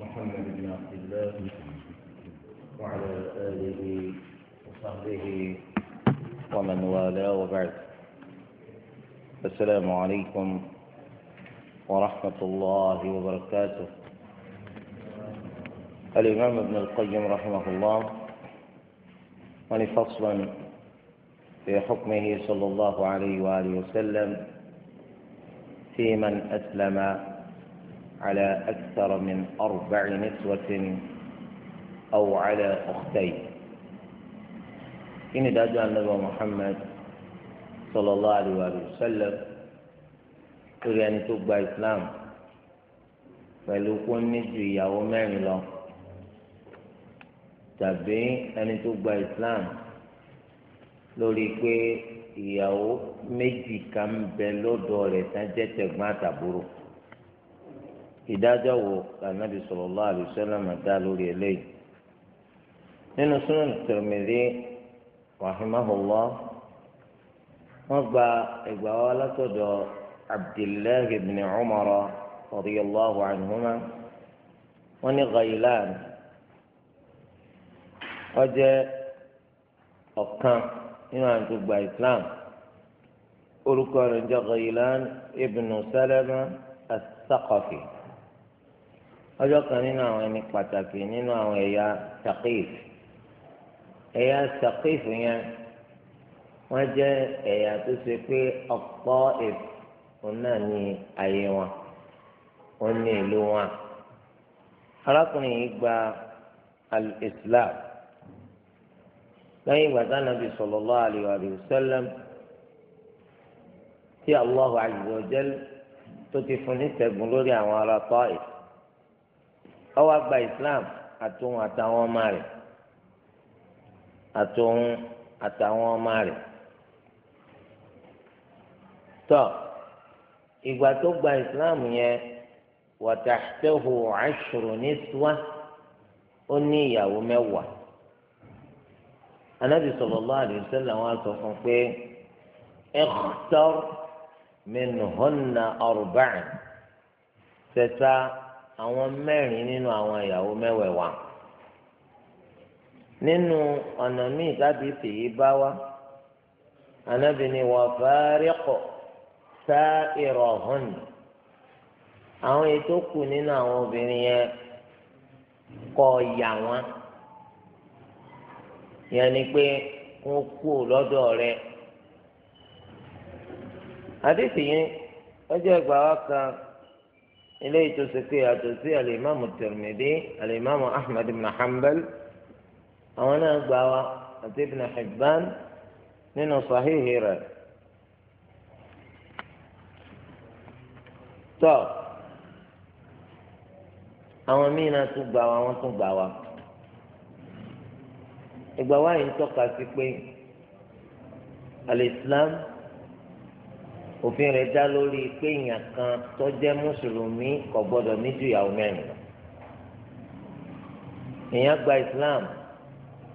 محمد بن عبد الله وعلى آله وصحبه ومن والاه وبعد السلام عليكم ورحمة الله وبركاته الإمام ابن القيم رحمه الله ولفصلا في حكمه صلى الله عليه وآله وسلم في من أسلم على أكثر من أربع نسوة أو على أختين إن دعا النبي محمد صلى الله عليه وآله وسلم torí ẹni tó gba islam pẹ̀lú kó ní ju ìyàwó mẹ́rin lọ tàbí ẹni tó gba islam lórí pé ìyàwó méjì kan bẹ lọ́dọ̀ rẹ̀ tán jẹ́ tẹ̀gbọ́n àtàbúrò ìdájọ́ wo lànàbì sallallahu alaihi wasallam dá lórí eléyìí nínú Sunan Tirmidhi rahimahullah wọ́n gba ìgbà wa látọ̀dọ̀ Abdullahi ibn Umar radiyallahu anhuma wọ́n ní Ghailan wọ́n jẹ́ ọ̀kan nínú àwọn tó gba Islam orúkọ rẹ̀ ń jẹ́ Ghailan ibn Salama as ọjọ́ kan nínú àwọn ẹni pàtàkì nínú àwọn ẹ̀yà Saqif ẹ̀yà Saqif yẹn wọ́n jẹ́ ẹ̀yà tó ṣe pé ọ̀pọ̀ ìfún náà ní ayé wọn ó ní ìlú wọn arákùnrin yìí gba al-Islam lẹ́yìn ìgbà tá nàbì sallallahu alayhi wa sallam tí Allahu azza tó ti fún ní ṣẹ́gun lórí àwọn ará Taif ọwọ àgbà islam àtòun àtàwọn ọmọ rẹ̀ àtòun àtàwọn ọmọ rẹ̀ tọ ìgbà tó gba islam yẹn wàtàṣẹ́hù àṣùrù nísúwá ó ní ìyàwó mẹ́wàá anabi sallallahu alaihi wasallam àwọn àtọ fún pé ikhtar minhunna arba'an tẹta. àwọn mẹ́rin nínú àwọn ìyàwó mẹ́wẹ̀ẹ̀wà nínú ọ̀nà míì tábí tèyí bá wá Ànábì ní wà fáríkọ̀ sá ìrọ̀hún àwọn ètò kù nínú àwọn obìnrin yẹn kọ̀ yà wọ́n yẹn ni pé wọ́n kú lọ́dọ̀ rẹ àdìsí ìgbà wa kan. eléyìí tó ṣe pé yàtọ̀ sí alimami Tirmidhi alimami Ahmad ibn Hanbal àwọn náà gbà wá àti ibn Hibban nínú sahihi rẹ̀ tọ́ àwọn míì náà tún gbà wá wọ́n tún gbà wá ìgbà wáyé ń tọ́ka sí pé alẹ́ Islam òfin rẹ̀ dá lórí pé èèyàn kan tó jẹ́ mùsùlùmí kò gbọ́dọ̀ ní ìyàwó mẹ́rin lọ èèyàn gba islam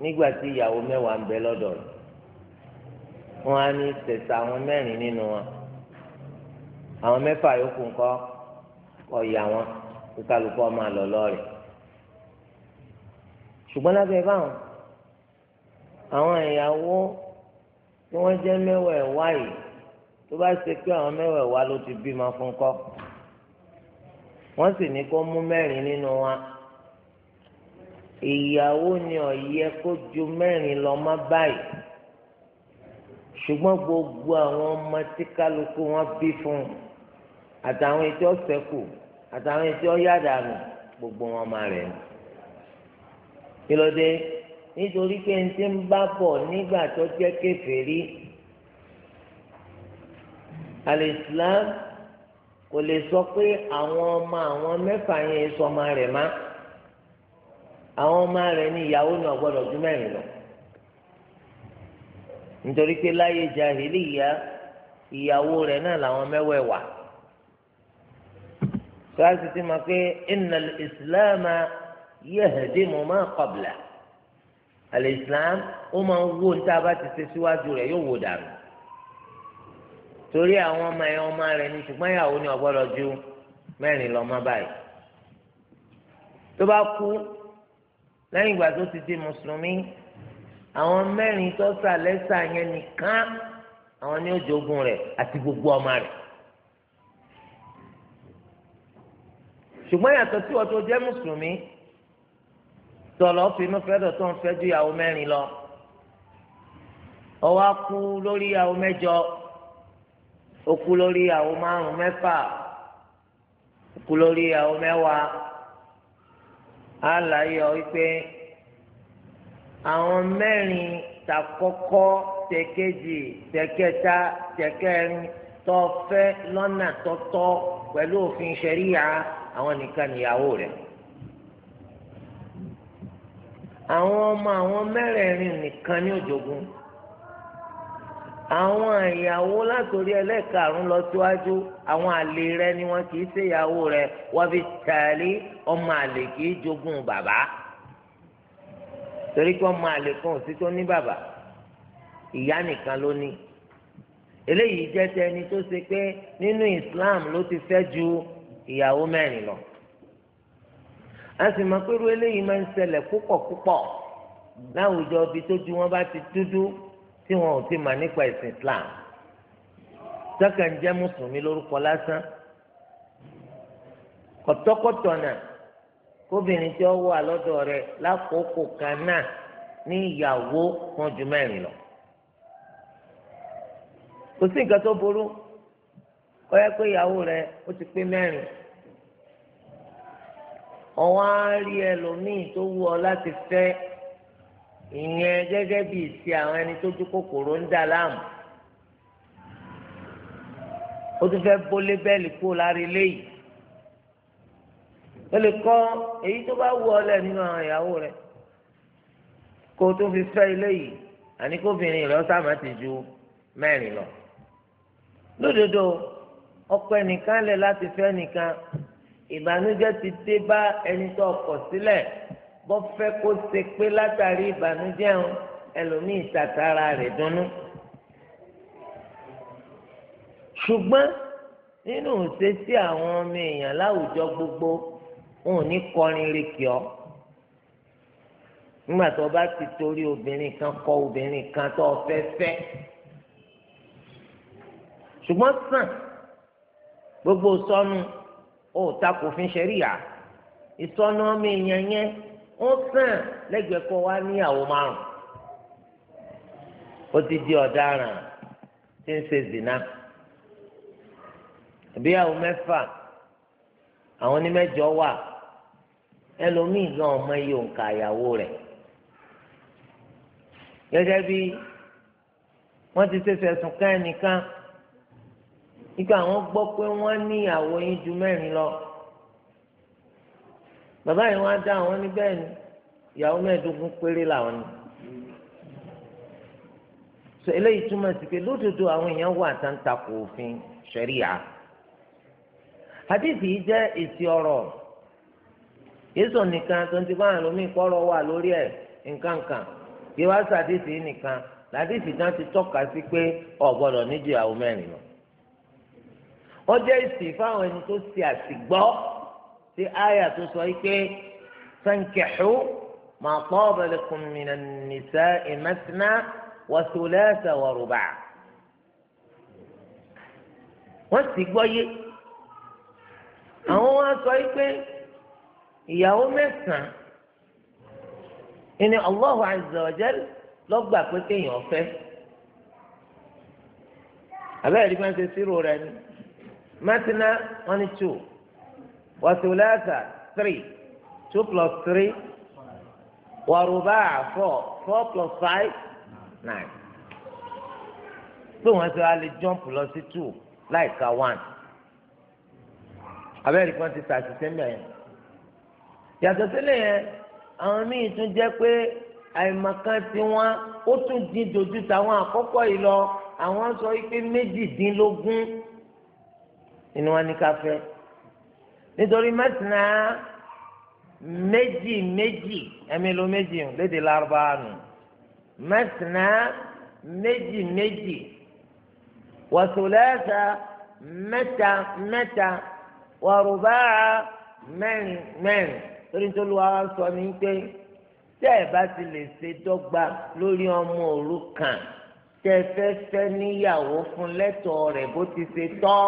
nígbà tí ìyàwó mẹ́wàá ń bẹ lọ́dọ̀ rẹ̀ wọ́n á ní tẹ̀sà àwọn mẹ́rin nínú wọn àwọn mẹ́fà yòókù ńkọ́ ọ̀yà wọn kí kálukú ọmọ àlọ́ lọ́ọ̀rẹ́ ṣùgbọ́n lábẹ́ báwọn àwọn ìyàwó tí wọ́n jẹ́ mẹ́wàá ẹ̀ wáyìí tó bá ṣe pé àwọn mẹ́wẹ̀ẹ́ wa ló ti bímọ fún kọ́ wọ́n sì ní kó mú mẹ́rin nínú wa ìyàwó ni ọ̀yẹ kó ju mẹ́rin lọ mọ́ báyìí ṣùgbọ́n gbogbo àwọn ọmọ tí kálukú wọn bí fún àtàwọn etí ọ̀sẹ̀kù àtàwọn etí ọ̀yàdànù gbogbo wọn máa rẹ̀ ní. kí ló dé nítorí pé n ti ń bá bọ̀ nígbà tó jẹ́ kèfèrí alìsílám kò lè sọ pé àwọn ọmọ àwọn mẹ́fà yẹn sọ ọmọ rẹ̀ má àwọn ọmọ rẹ̀ ní ìyàwó náà gbọ́dọ̀ ju mẹ́rin lọ nítorí pé láyé jahiliya ìyàwó rẹ̀ náà làwọn mẹ́wẹ̀ẹ̀wà kíláàsì ti máa pé innal ìsìláàmà yahdimu ma qabla alìsílám ó máa ń wó ní bá ti ṣe síwájú rẹ̀ yóò wó dànù torí àwọn ọmọ ẹ̀ ọmọ rẹ̀ ní ṣùgbọ́n ìyàwó ni ọ̀gbọ́dọ̀ ju mẹ́rin lọ́mọ báyìí tó bá kú lẹ́yìn ìgbà tó ti di mùsùlùmí àwọn mẹ́rin tó sà lẹ́sà yẹn nìkan àwọn ni ó jogún rẹ̀ àti gbogbo ọmọ rẹ̀ ṣùgbọ́n yàtọ̀ tí wọ́n tó jẹ́ mùsùlùmí tọ̀lọ́ fínú fẹ́dọ̀ tó ń fẹ́ ju ìyàwó mẹ́rin lọ ọwọ́ á kú lórí ìyàwó mẹ́jọ ó kú lórí ìyàwó márùn mẹ́fà ó kú lórí ìyàwó mẹ́wàá á láyọ̀ wípé àwọn mẹ́rin tàkọ́kọ́ tẹ̀kejì tẹ̀kẹta tẹ̀kẹrin tọ́fẹ́ lọ́nà tọ́tọ́ pẹ̀lú òfin ṣẹ̀ríyà àwọn nìkan níyàwó rẹ̀ àwọn ọmọ àwọn mẹ́rẹ̀ẹ̀rin nìkan ní òjògùn àwọn ìyàwó látòrí ẹlẹ́ẹ̀karùn-ún lọ síwájú àwọn àlè rẹ ni wọn kì í ṣe ìyàwó rẹ wọ́n fi tẹ̀lé ọmọ àlè kì í jogún bàbá torí pé ọmọ àlè kan ò sí tó ní bàbá ìyá nìkan ló ní eléyìí jẹ́ tẹni tó ṣe pé nínú Islam ló ti fẹ́ ju ìyàwó mẹ́rin lọ a sì mọ̀ pé irú eléyìí máa ń ṣẹlẹ̀ púpọ̀ púpọ̀ láwùjọ ibi tó ju wọn bá ti dúdú. tí wọn ò ti mà nípa ẹ̀sìn Islam sọ́kà ń jẹ́ mùsùlùmí lórúkọ lásán kọ̀tọ́kọ̀tọ̀ náà kóbìnrin tí ó wà rẹ̀ lákòókò kan náà ní ìyàwó wọn ju mẹ́rin lọ. kò sí nǹkan tó burú kó ìyàwó rẹ ìyẹn gẹ́gẹ́ bíi ìṣe àwọn ẹni tó dún kòkòrò ń dà láàmú ó tún fẹ́ bólé bẹ́ẹ̀lì kó lára eléyìí ó lè kọ́ èyí tó bá wù ọ́ lẹ̀ nínú àwọn ìyàwó rẹ̀ kó o tó fi fẹ́ eléyìí àní kóbìnrin rẹ̀ ó sábà ti ju mẹ́rin lọ lódodo ọkọ ẹnìkan lẹ̀ láti fẹ́ nìkan ìbànújẹ́ ti dé bá ẹni tó ọkọ sílẹ̀. bọ́ fẹ́ kó ṣe pé látàrí ìbànújẹ́ ń ẹlòmíì tàtàrà rẹ̀ dunnú. ṣùgbọ́n nínú ìṣesí àwọn ọmọ èèyàn láwùjọ gbogbo wọn ò ní kọrin rékì ọ́ nígbà tó bá ti torí obìnrin kan kọ obìnrin kan tó fẹ́ fẹ́ ṣùgbọ́n sàn gbogbo sọnù ó takò fún ṣẹ́ríyà ìsọnù ọmọ èèyàn yẹn ó sàn lẹ́gbẹ̀ẹ́ kọ́ wá níyàwó márùn ó ti di ọ̀daràn tí ń ṣe zina ìgbéyàwó mẹ́fà àwọn onímẹ́jọ wà ẹlòmíì gan ọmọ iye òǹkà ìyàwó rẹ̀ gẹ́gẹ́ bí wọ́n ti ṣe fẹ̀sùn ká ẹnìkan nígbà wọ́n gbọ́ pé wọ́n ní yín ju mẹ́rin lọ. bàbá yìí wọ́n á dá àwọn ní ni ìyàwó mẹ́ẹ̀ẹ́dógún ni so eléyìí túmọ̀ sí pé lódodo àwọn èèyàn wà tá ofin òfin ṣẹ̀ríà hadith yìí jẹ́ èsì ọ̀rọ̀ yéésù nìkan tó ń ti báyìí lómi kọ́rọ̀ wà lórí ẹ̀ nkankan kí wá sàdísì yìí nìkan làdísì náà ti tọ́ka sí pé ọ̀gbọ́dọ̀ níjìyàwó mẹ́rin lọ. ó jẹ́ èsì fáwọn ẹni tó ṣe sí àyà tó sọ yìí pé sankihu ma taba lakum minan nisa'i mathna wa thulatha wa ruba' wọ́n sì gbọ́ yé àwọn wa sọ yìí pé ìyàwó mẹ́sàn-án ìní Allahu azza wa jal lọ́gbà pé kéèyàn fẹ́ abẹ́rẹ́ ìdí máa ń ṣe sírò rẹ ni mẹ́tìnà wọ́n ní two. وثلاثة three two plus three ورباع four four plus five nine pé wọ́n ti wá lè jọ́ǹpù lọ sí one abẹ́rẹ́ kan ti ṣàṣìṣe mẹ́rin yàtọ̀ sílẹ̀ yẹn àwọn míì tún jẹ́ pé àìmọ̀kan tí wọ́n ó tún dín dojú táwọn àkọ́kọ́ yìí lọ àwọn sọ wípé méjìdínlógún ni wọ́n ní ká fẹ́ nítorí mẹ́sìnà méjì méjì ẹ̀mí ló méjì ń léde lárúbáwá nù mẹ́sìnà méjì méjì wàsùlẹ́sà mẹ́ta mẹ́ta wàrúbáà mẹ́rin mẹ́rin torí nítorí wàá sọ ní pé tẹ́ ẹ bá ti lè ṣe dọ́gba lórí ọmọ òrukàn tẹ́ fẹ́ fẹ́ níyàwó fún lẹ́tọ̀ọ́ rẹ̀ bó ti ṣe tọ́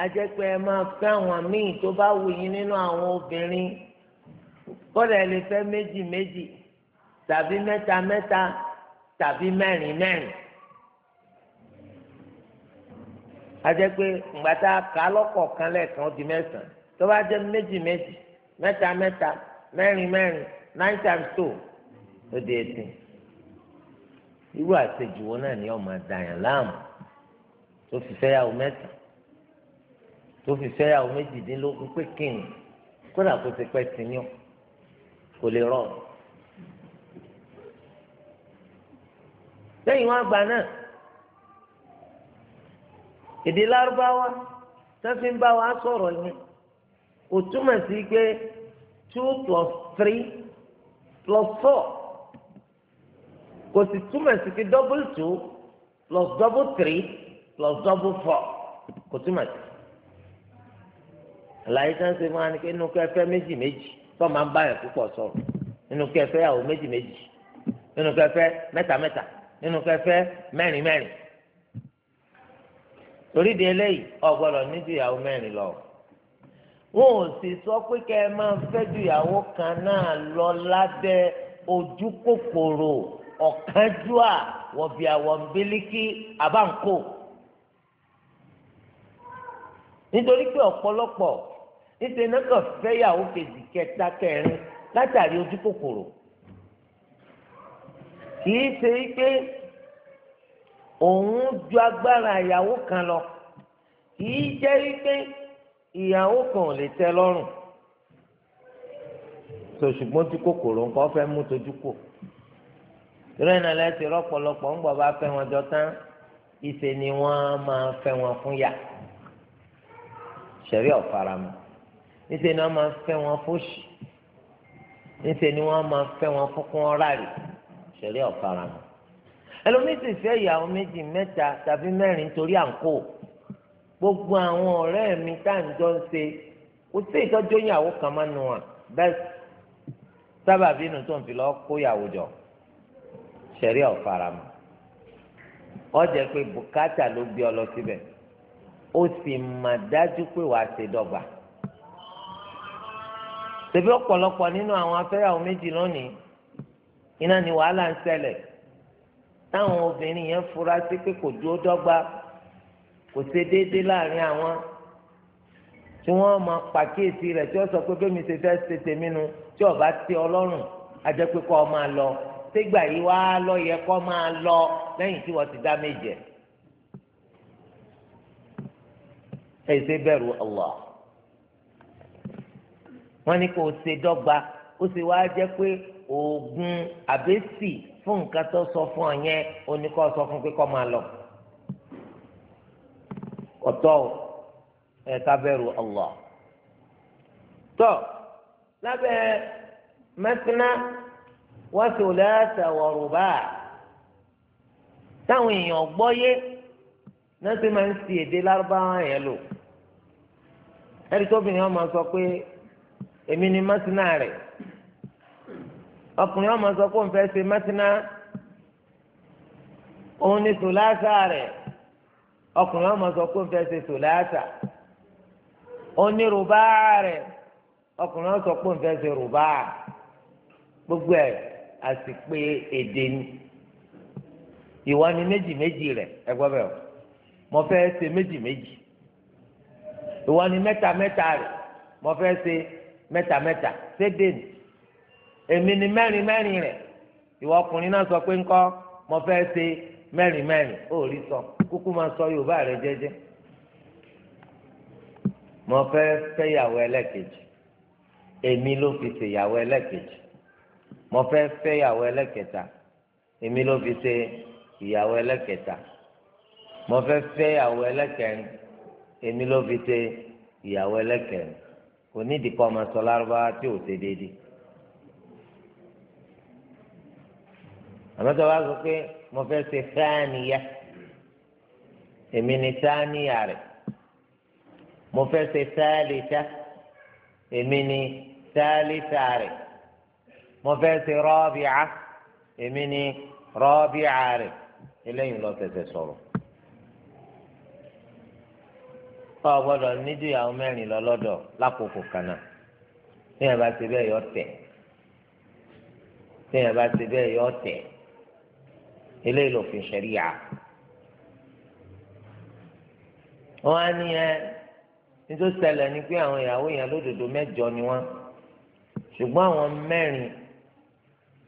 ajẹ́pẹ́ ẹ máa fẹ́ àwọn míì tó bá wù yín nínú àwọn obìnrin kódà ẹ lè fẹ́ méjì méjì tàbí mẹ́ta mẹ́ta tàbí mẹ́rin mẹ́rin. ajẹ́pẹ́ ńgbàtà kálọ́kọ̀ kan lẹ́ẹ̀kan di mẹ́sàn-án tó bá jẹ́ méjì méjì mẹ́ta mẹ́ta mẹ́rin mẹ́rin nine times two ó di eighteen. irú àṣejù wo náà ni ọmọ àdàyàn láàmú tó fi fẹ́yàwó mẹ́sàn-án tó fi fẹ́yàwó méjìdínlógún pé kíni kódà kó ti pẹ́ sí yàn kò lè rọ. lẹ́yìn wọn àgbà náà èdè lárúbáwá sẹ́fì ń bá wa sọ̀rọ̀ ni ó túmọ̀ sí pé two plus three plus four kò sì túmọ̀ sí pé double two plus double three plus double four kò túmọ̀ sí. àlàyé tí wọ́n ṣe fún wa ni pé inú méjì méjì tó máa ń púpọ̀ sọ̀rọ̀ inú kẹfẹ́ àwọn méjì méjì inú kẹfẹ́ mẹ́ta mẹ́ta inú kẹfẹ́ mẹ́rin mẹ́rin torí di eléyìí o ní ju ìyàwó mẹ́rin lọ wọn ò sì sọ pé kẹ ẹ máa fẹ́ ju ìyàwó kan náà lọ lábẹ́ ojú kòkòrò ọ̀kánjúà wọ̀bìàwọ̀ nbílíkì àbáǹkò nítorí pé ọ̀pọ̀lọpọ̀ níṣẹ́ náà kàn fẹ́yàwó kejì kẹta kẹrin látàrí ojú kòkòrò kì í ṣe pé òun ju agbára ìyàwó kan lọ kì í jẹ́ pé ìyàwó kan ò lè tẹ lọ́rùn so ṣùgbọ́n tí kòkòrò nǹkan fẹ́ mú tojú kò ìrẹ́ náà lẹ́sìn rọ́pọ̀lọpọ̀ ń gbọ́ bá fẹ́ wọn jọ tán ìṣe ni wọ́n máa fẹ́ wọn fún yà ṣẹ̀rí ọ̀faramọ́ níṣẹ́ ni wọ́n máa fẹ́ wọn fóṣì níṣẹ́ ni wọ́n máa fẹ́ wọn fúnkún ọ̀rá rè ṣẹ̀rí ọ̀fara mọ́ ẹlòmíì sì fẹ́ ìyàwó méjì mẹ́ta tàbí mẹ́rin torí àǹkó gbogbo àwọn ọ̀rẹ́ mi tá à ń jọ ń ṣe kò sí ìtọ́jú ìyàwó kan máa nù wọn bẹ́ẹ̀ sábàbí inú tó ń fi lọ kó ìyàwó jọ ṣẹ̀rí ọ̀fara mọ́ ọjà pé bùkátà ló gbé ọ lọ síbẹ̀ ó sì mà dájú pé wàá ṣe dọ́gba tẹ̀bí ọ̀pọ̀lọpọ̀ nínú àwọn afẹ́yàwó méjì lónìí iná ni wàhálà ń ṣẹlẹ̀ táwọn obìnrin yẹn fura sí pé kò dúró dọ́gba kò ṣe déédéé láàrin àwọn tí wọ́n máa pàkíyèsí rẹ̀ tí wọ́n sọ pé bẹ́ẹ̀ mi ṣe fẹ́ ṣe tèmi tí ọba ti ọlọ́run ajẹ́ pé kọ́ ọ yìí wá lọ yẹ kọ́ máa lọ lẹ́yìn tí wọ́n ti dá méje ẹ̀ ṣe bẹ̀rù Allah wọ́n ní kó o ṣe dọ́gba ó sì wá jẹ́ pé oògùn àbẹ́sì fún nǹkan tó sọ fún ọ yẹn ó ní kó o sọ fún pé kó máa lọ. ọ̀tọ̀ ẹ̀ ká bẹ̀rù tọ́ lábẹ́ mẹ́tíná wọ́n sì ò lẹ́sẹ̀ wọ̀rù báà táwọn èèyàn gbọ́yé náà sì máa ń fi èdè lárúbáwá yẹn lò ẹni tóbi ni wọ́n máa sọ pé. èmi ni mọ́tínà rẹ̀ ọkùnrin ọmọ sọ pé òun fẹ́ ṣe òun ni tòláṣà rẹ̀ ọkùnrin ọmọ sọ pé òun fẹ́ ṣe tòláṣà òun ni rùbá rẹ̀ ọkùnrin ọmọ sọ pé òun fẹ́ ṣe rùbá gbogbo ẹ̀ àsìpé èdè ni ìwà ni méjì méjì rẹ̀ ẹ gbọ́ bẹ́ẹ̀ o mo fẹ́ ṣe ni mẹ́ta mẹ́ta rẹ̀ mo fẹ́ ṣe. mẹ́ta mẹ́ta sédè ní èmi ni mẹ́rin mẹ́rin rẹ̀ ìwọ ọkùnrin náà sọ pé ńkọ́ mo fẹ́ ṣe mẹ́rin mẹ́rin ó rí sọ kúkú máa sọ Yorùbá rẹ jẹ́jẹ́ mo fẹ́ fẹ́yàwó ẹlẹ́kejì èmi ló fi ṣèyàwó ẹlẹ́kejì mo fẹ́ fẹ́yàwó ẹlẹ́kẹta èmi ló fi ṣe ìyàwó ẹlẹ́kẹta mo fẹ́ fẹ́yàwó ẹlẹ́kẹrin èmi ló fi ṣe ìyàwó ẹlẹ́kẹrin kò ní ìdíkọ́ ọmọ sọ lárúbáwá tí ò ṣe déédéé. àmọ́ tó bá sọ pé mo fẹ́ ṣe sáàníyà èmi ni sáàníyà rẹ̀ mo fẹ́ ṣe sáàlìṣà èmi ni sáàlìṣà rẹ̀ mo fẹ́ ṣe rọ́ọ̀bìà èmi ni rọ́ọ̀bìà rẹ̀ eléyìí ló sọ̀rọ̀. ọ gbọ́dọ̀ níjú ìyàwó mẹ́rin lọ lọ́dọ̀ lákòókò kanáà tí yẹn bá ti bẹ́ẹ̀ yọ tẹ̀ tí yẹn bá ti bẹ́ẹ̀ yọ tẹ̀ eléyìí lòfin ṣẹ̀ríyà wọn á ní ẹ nítorí ṣẹlẹ̀ ni pé àwọn ìyàwó yẹn lódodo mẹ́jọ ni wọ́n ṣùgbọ́n àwọn mẹ́rin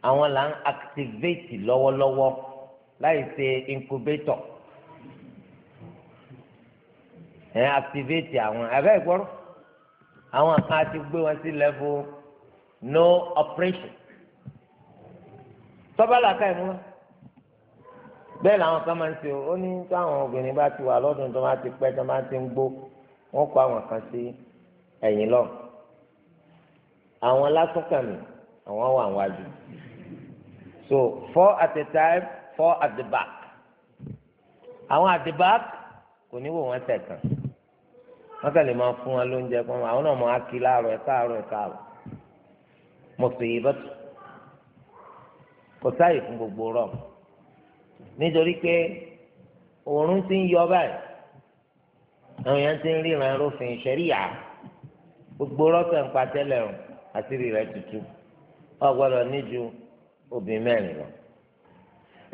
àwọn là ń activate lọ́wọ́lọ́wọ́ láì ṣe incubator ẹ̀ activate àwọn abẹ́ ìgbọ́rọ̀ àwọn kan ti gbé wọn sí level no operation tọ́bálà ká ìmú wa bẹ́ẹ̀ làwọn kan máa ń ṣe o ó ní táwọn obìnrin bá ti wà lọ́dún tó máa ti pẹ́ tó máa ti ń gbó wọ́n kó àwọn kan sí ẹ̀yìn lọ àwọn lásùnkànmí àwọn wà wájú so four at a time four at the back àwọn at the back kò ní wò wọ́n tẹ̀ kàn wọn kàn lè máa fún wọn lóúnjẹ fún wọn àwọn náà máa kí láàárọ̀ ẹ káàárọ̀ ẹ káàárọ̀ mo sì yí bọ́tù kò sáàyè fún gbogbo rọ nítorí pé òórùn ti ń yọ báyìí àwọn èèyàn ti ń ríran rófin ṣẹríyà gbogbo rọtọ ń pa tẹ́lẹ̀ rùn àṣírí rẹ̀ tutù wọn gbọ́dọ̀ níjú obìnrin mẹ́rin lọ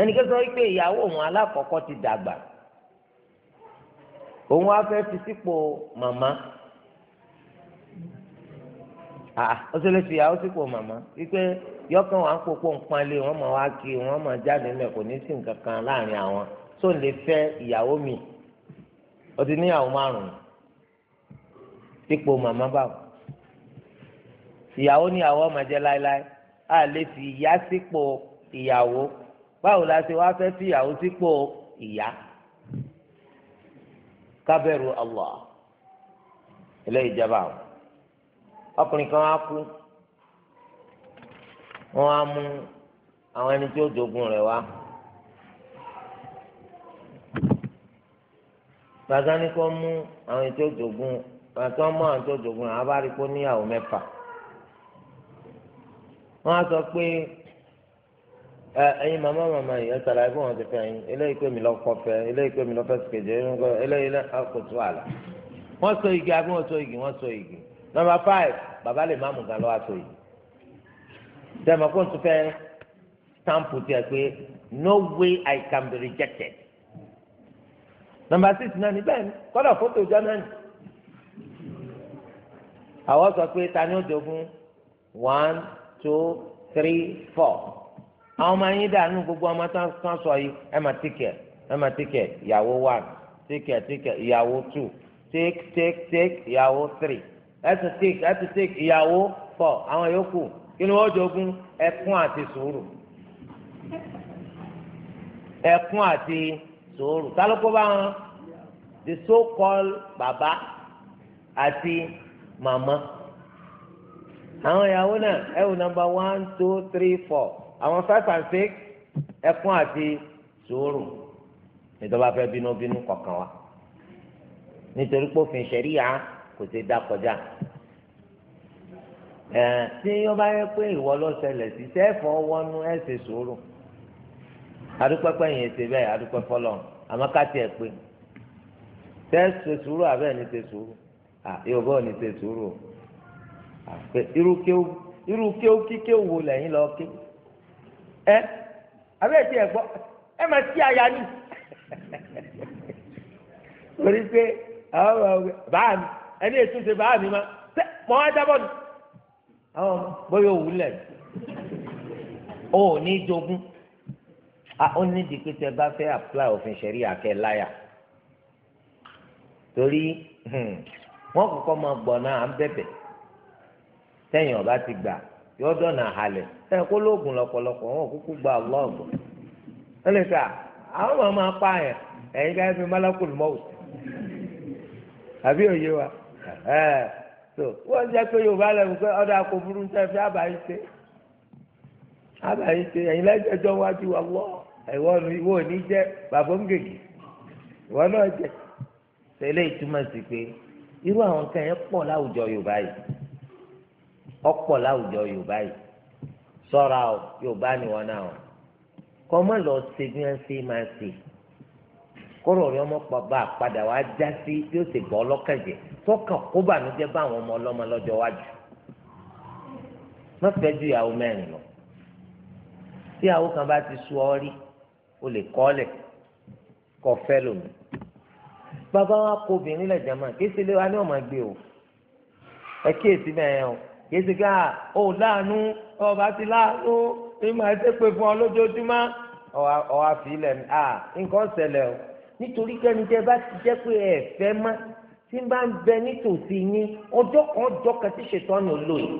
ẹnìkan sọ wípé ìyàwó òun alákọ̀ọ́kọ́ ti dàgbà òun wá fẹ́ fi sípò màmá ó sì lè fi ìyàwó sípò màmá wípé yọkàn wà ń pòpò npanlé wọn máa wá kí wọn máa jáde mẹ kò ní sí nǹkan kan láàrin àwọn tó lè fẹ́ ìyàwó mi ó ti níyàwó márùn sípò màmá báwo ìyàwó níyàwó máa jẹ láéláé a lè fi ìyá sípò ìyàwó báwo la ṣe wá fẹ́ fi ìyàwó sípò ìyá. kábẹ̀rù Allah ilé ìjọba ọkùnrin kan á kú mụ á mú àwọn ẹni tí ó jogun wá. gbàgá ni kò mú àwọn ẹni tí ó jogun tí ó bá rí kó níyàwó pé. ẹyin màmá màmá yìí ẹsẹ àlàyé fún wọn ti fẹ́ yín eléyìí pé mi lọ kọ eléyìí pé mi lọ fẹ́ sìkèjì eléyìí lẹ akótó àlà wọn so igi àbí wọn so igi wọn so igi nọ́mbà five bàbá lè má mú gan lọ wá so igi tẹmọ kó n tún fẹ́ stamp tiẹ̀ pé no way I can be rejected nọ́mbà six náà níbẹ̀ ni kọ́dọ̀ fótó ìjọ náà ni àwọn sọ pé ta ni ó jogún one two three four àwọn ọmọ yín dànù gbogbo ọmọ tán sọ yìí ẹ máa tíkẹ̀ ẹ máa tíkẹ̀ ìyàwó one tíkẹ̀ tíkẹ̀ ìyàwó two take take take ìyàwó three ẹ take ẹ take ìyàwó four àwọn yòókù kí ni wọ́n jogún ẹkún àti sùúrù ẹkún àti sùúrù tálókò bá wọn the so called Baba àti Mama. àwọn ìyàwó náà ẹ wò number one two three four àwọn five and six ẹkún àti sùúrù níjọba fẹ́ bínúbínú kọ̀ọ̀kan wa nítorí pé òfin ṣẹ̀ríyà kò ṣe dá kọjá ẹ̀ tí wọ́n bá yẹ pé ìwọ ló ṣẹlẹ̀ sí sẹ́ẹ̀fọ́ wọnú ẹ̀ ṣe sùúrù adúpẹ́pẹ́ yẹn ṣe bẹ́ẹ̀ adúpẹ́ fọlọ́ àmọ́ ká tiẹ̀ pé tẹ́ ṣe sùúrù àbẹ́ ní ṣe sùúrù yorùbá ò ní ṣe sùúrù irú kéwú irú kéwú kíkéwú wo lẹ́yìn lọ kéwú ẹ abẹ́ẹ̀ tí ẹ gbọ́ ẹ máa tí aya ní torí pé àwọn ọmọ bàá mi ẹni ètò ṣe bàá mi ma tẹ mọ wá jábọ ni àwọn ọmọ bóyá òwú lẹ o ní jogún a ó ní dìpé tẹ bá fẹ́ apply òfin ṣẹ̀rí àkẹ́ láyà torí hmm, wọn kọ́kọ́ máa gbọ̀ náà à ń bẹ̀bẹ̀ tẹ̀yìn ọba ti gbà yọ dọ̀nà halẹ̀ ẹ kó lóògùn lọ́pọ̀lọpọ̀ wọn kúkú gba ọlọ́ọ̀gbọ̀ ẹ lè sà àwọn máa máa pa àyàn ẹ̀yin ká fi malakul mọ́ọ̀t àbí òye wa ẹ̀ so wọ́n jẹ́ pé yorùbá lẹ́nu pé ọ̀dọ̀ àpò burú tẹ́ fi àbáyé ṣe àbáyé ṣe ẹ̀yin lẹ́jọ́ wájú wa lọ ìwọ ìwọ ò ní jẹ́ bàbá ń ìwọ náà jẹ́ tẹ́lẹ̀ ìtumọ̀ sí pé irú àwọn kan yẹn pọ̀ láwùjọ yorùbá yìí ọ̀pọ̀ láwùjọ yorùbá yìí sọ́ra o yóò bá níwọ̀n náà o kọ́ mọ́ lọ ṣe bí wọ́n ṣe máa ṣe kọ́rọ̀ rẹ ọmọ bàbá padà wá já sí bí ó ṣe bọ́ ọlọ́kàn jẹ tọ́kàn kó bànújẹ́ bá àwọn ọmọ ọlọ́mọ lọ́jọ́ wájú má fẹ́ ju ìyàwó mẹ́rin lọ tí ìyàwó kan bá ti sú ọ rí o lè kọ́lẹ̀ kọ́ fẹ́ lòun bàbá wa kó obìnrin lẹ̀ jẹ́ mọ́ kí sílé wa ní ọmọ gbé o ẹ kíyèsí bẹ́ẹ̀ yẹn o yéésì ká ó láàánú ọba ti láàánú ní màá ṣe pé fún ọ lójoojúmọ́ ọwọ́ àfilẹ̀ à nǹkan ṣẹlẹ̀ o nítorí kẹ́ni jẹ́ bá ti jẹ́ pé ẹ fẹ́ má tí n bá ń bẹ nítòsí yín ọjọ́ kan ọjọ́ kan ti ṣètò ọ̀nà lò yìí.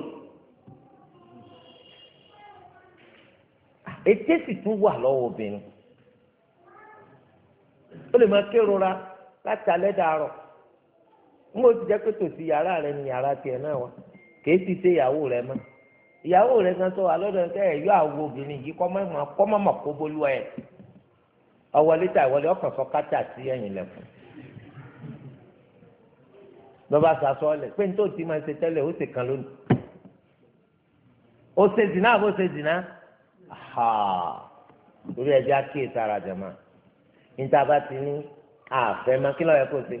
ètè sì tún wà lọ́wọ́ obìnrin ó lè máa kérora láti alẹ́ dàárọ̀ n kò ti jẹ́ pé tòsí yàrá rẹ ni yàrá tiẹ̀ náà wà kèé sì ṣe ìyàwó rẹ mọ́ ìyàwó rẹ kan sọ alọ́dọ̀ ṣe ẹ̀yọ́ àwọn obìnrin yìí kọ́ mọ́ kọ́ mọ́ mọ́ kó bolú ẹ̀ ọwọ́lé tà ìwọlé ọkàn sọ kátà sí ẹ̀yìn lẹ́kùn lọ́ba sàṣọ ọ̀lẹ̀ pé ní tó ti máa ṣe tẹ́lẹ̀ ó sì kan lónìí ó ṣe zìnnà àbó ṣe zìnnà torí ẹjẹ àkíyè sára jẹ̀mọ́ níta bá ti ní àfẹ́ máa kí lọ́ọ̀yẹ́ kó ṣe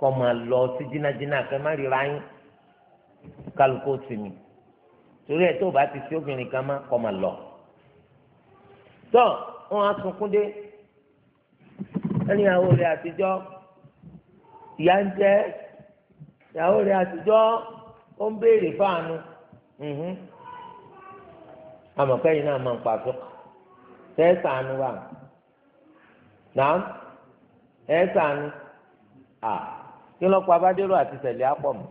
kọ́ máa lọ sí jìnnàjìnnà àfẹ́ má ríra yín kálukó sinmi torí ẹ̀ tó bá ti fi obìnrin kan má kọ́ máa lọ. tọ́ wọn á sunkún dé ẹni ìyàwó rẹ̀ àtijọ́ ìyá ń jẹ́ ìyàwó rẹ̀ àtijọ́ ó ń béèrè fáànù amọ̀kẹ́yìn náà máa ń pa fún tẹ́sánù wa nàá ẹ̀ẹ́sánù à kí lọ́pàá bá dérò àti tẹ̀lé àpọ̀ mọ́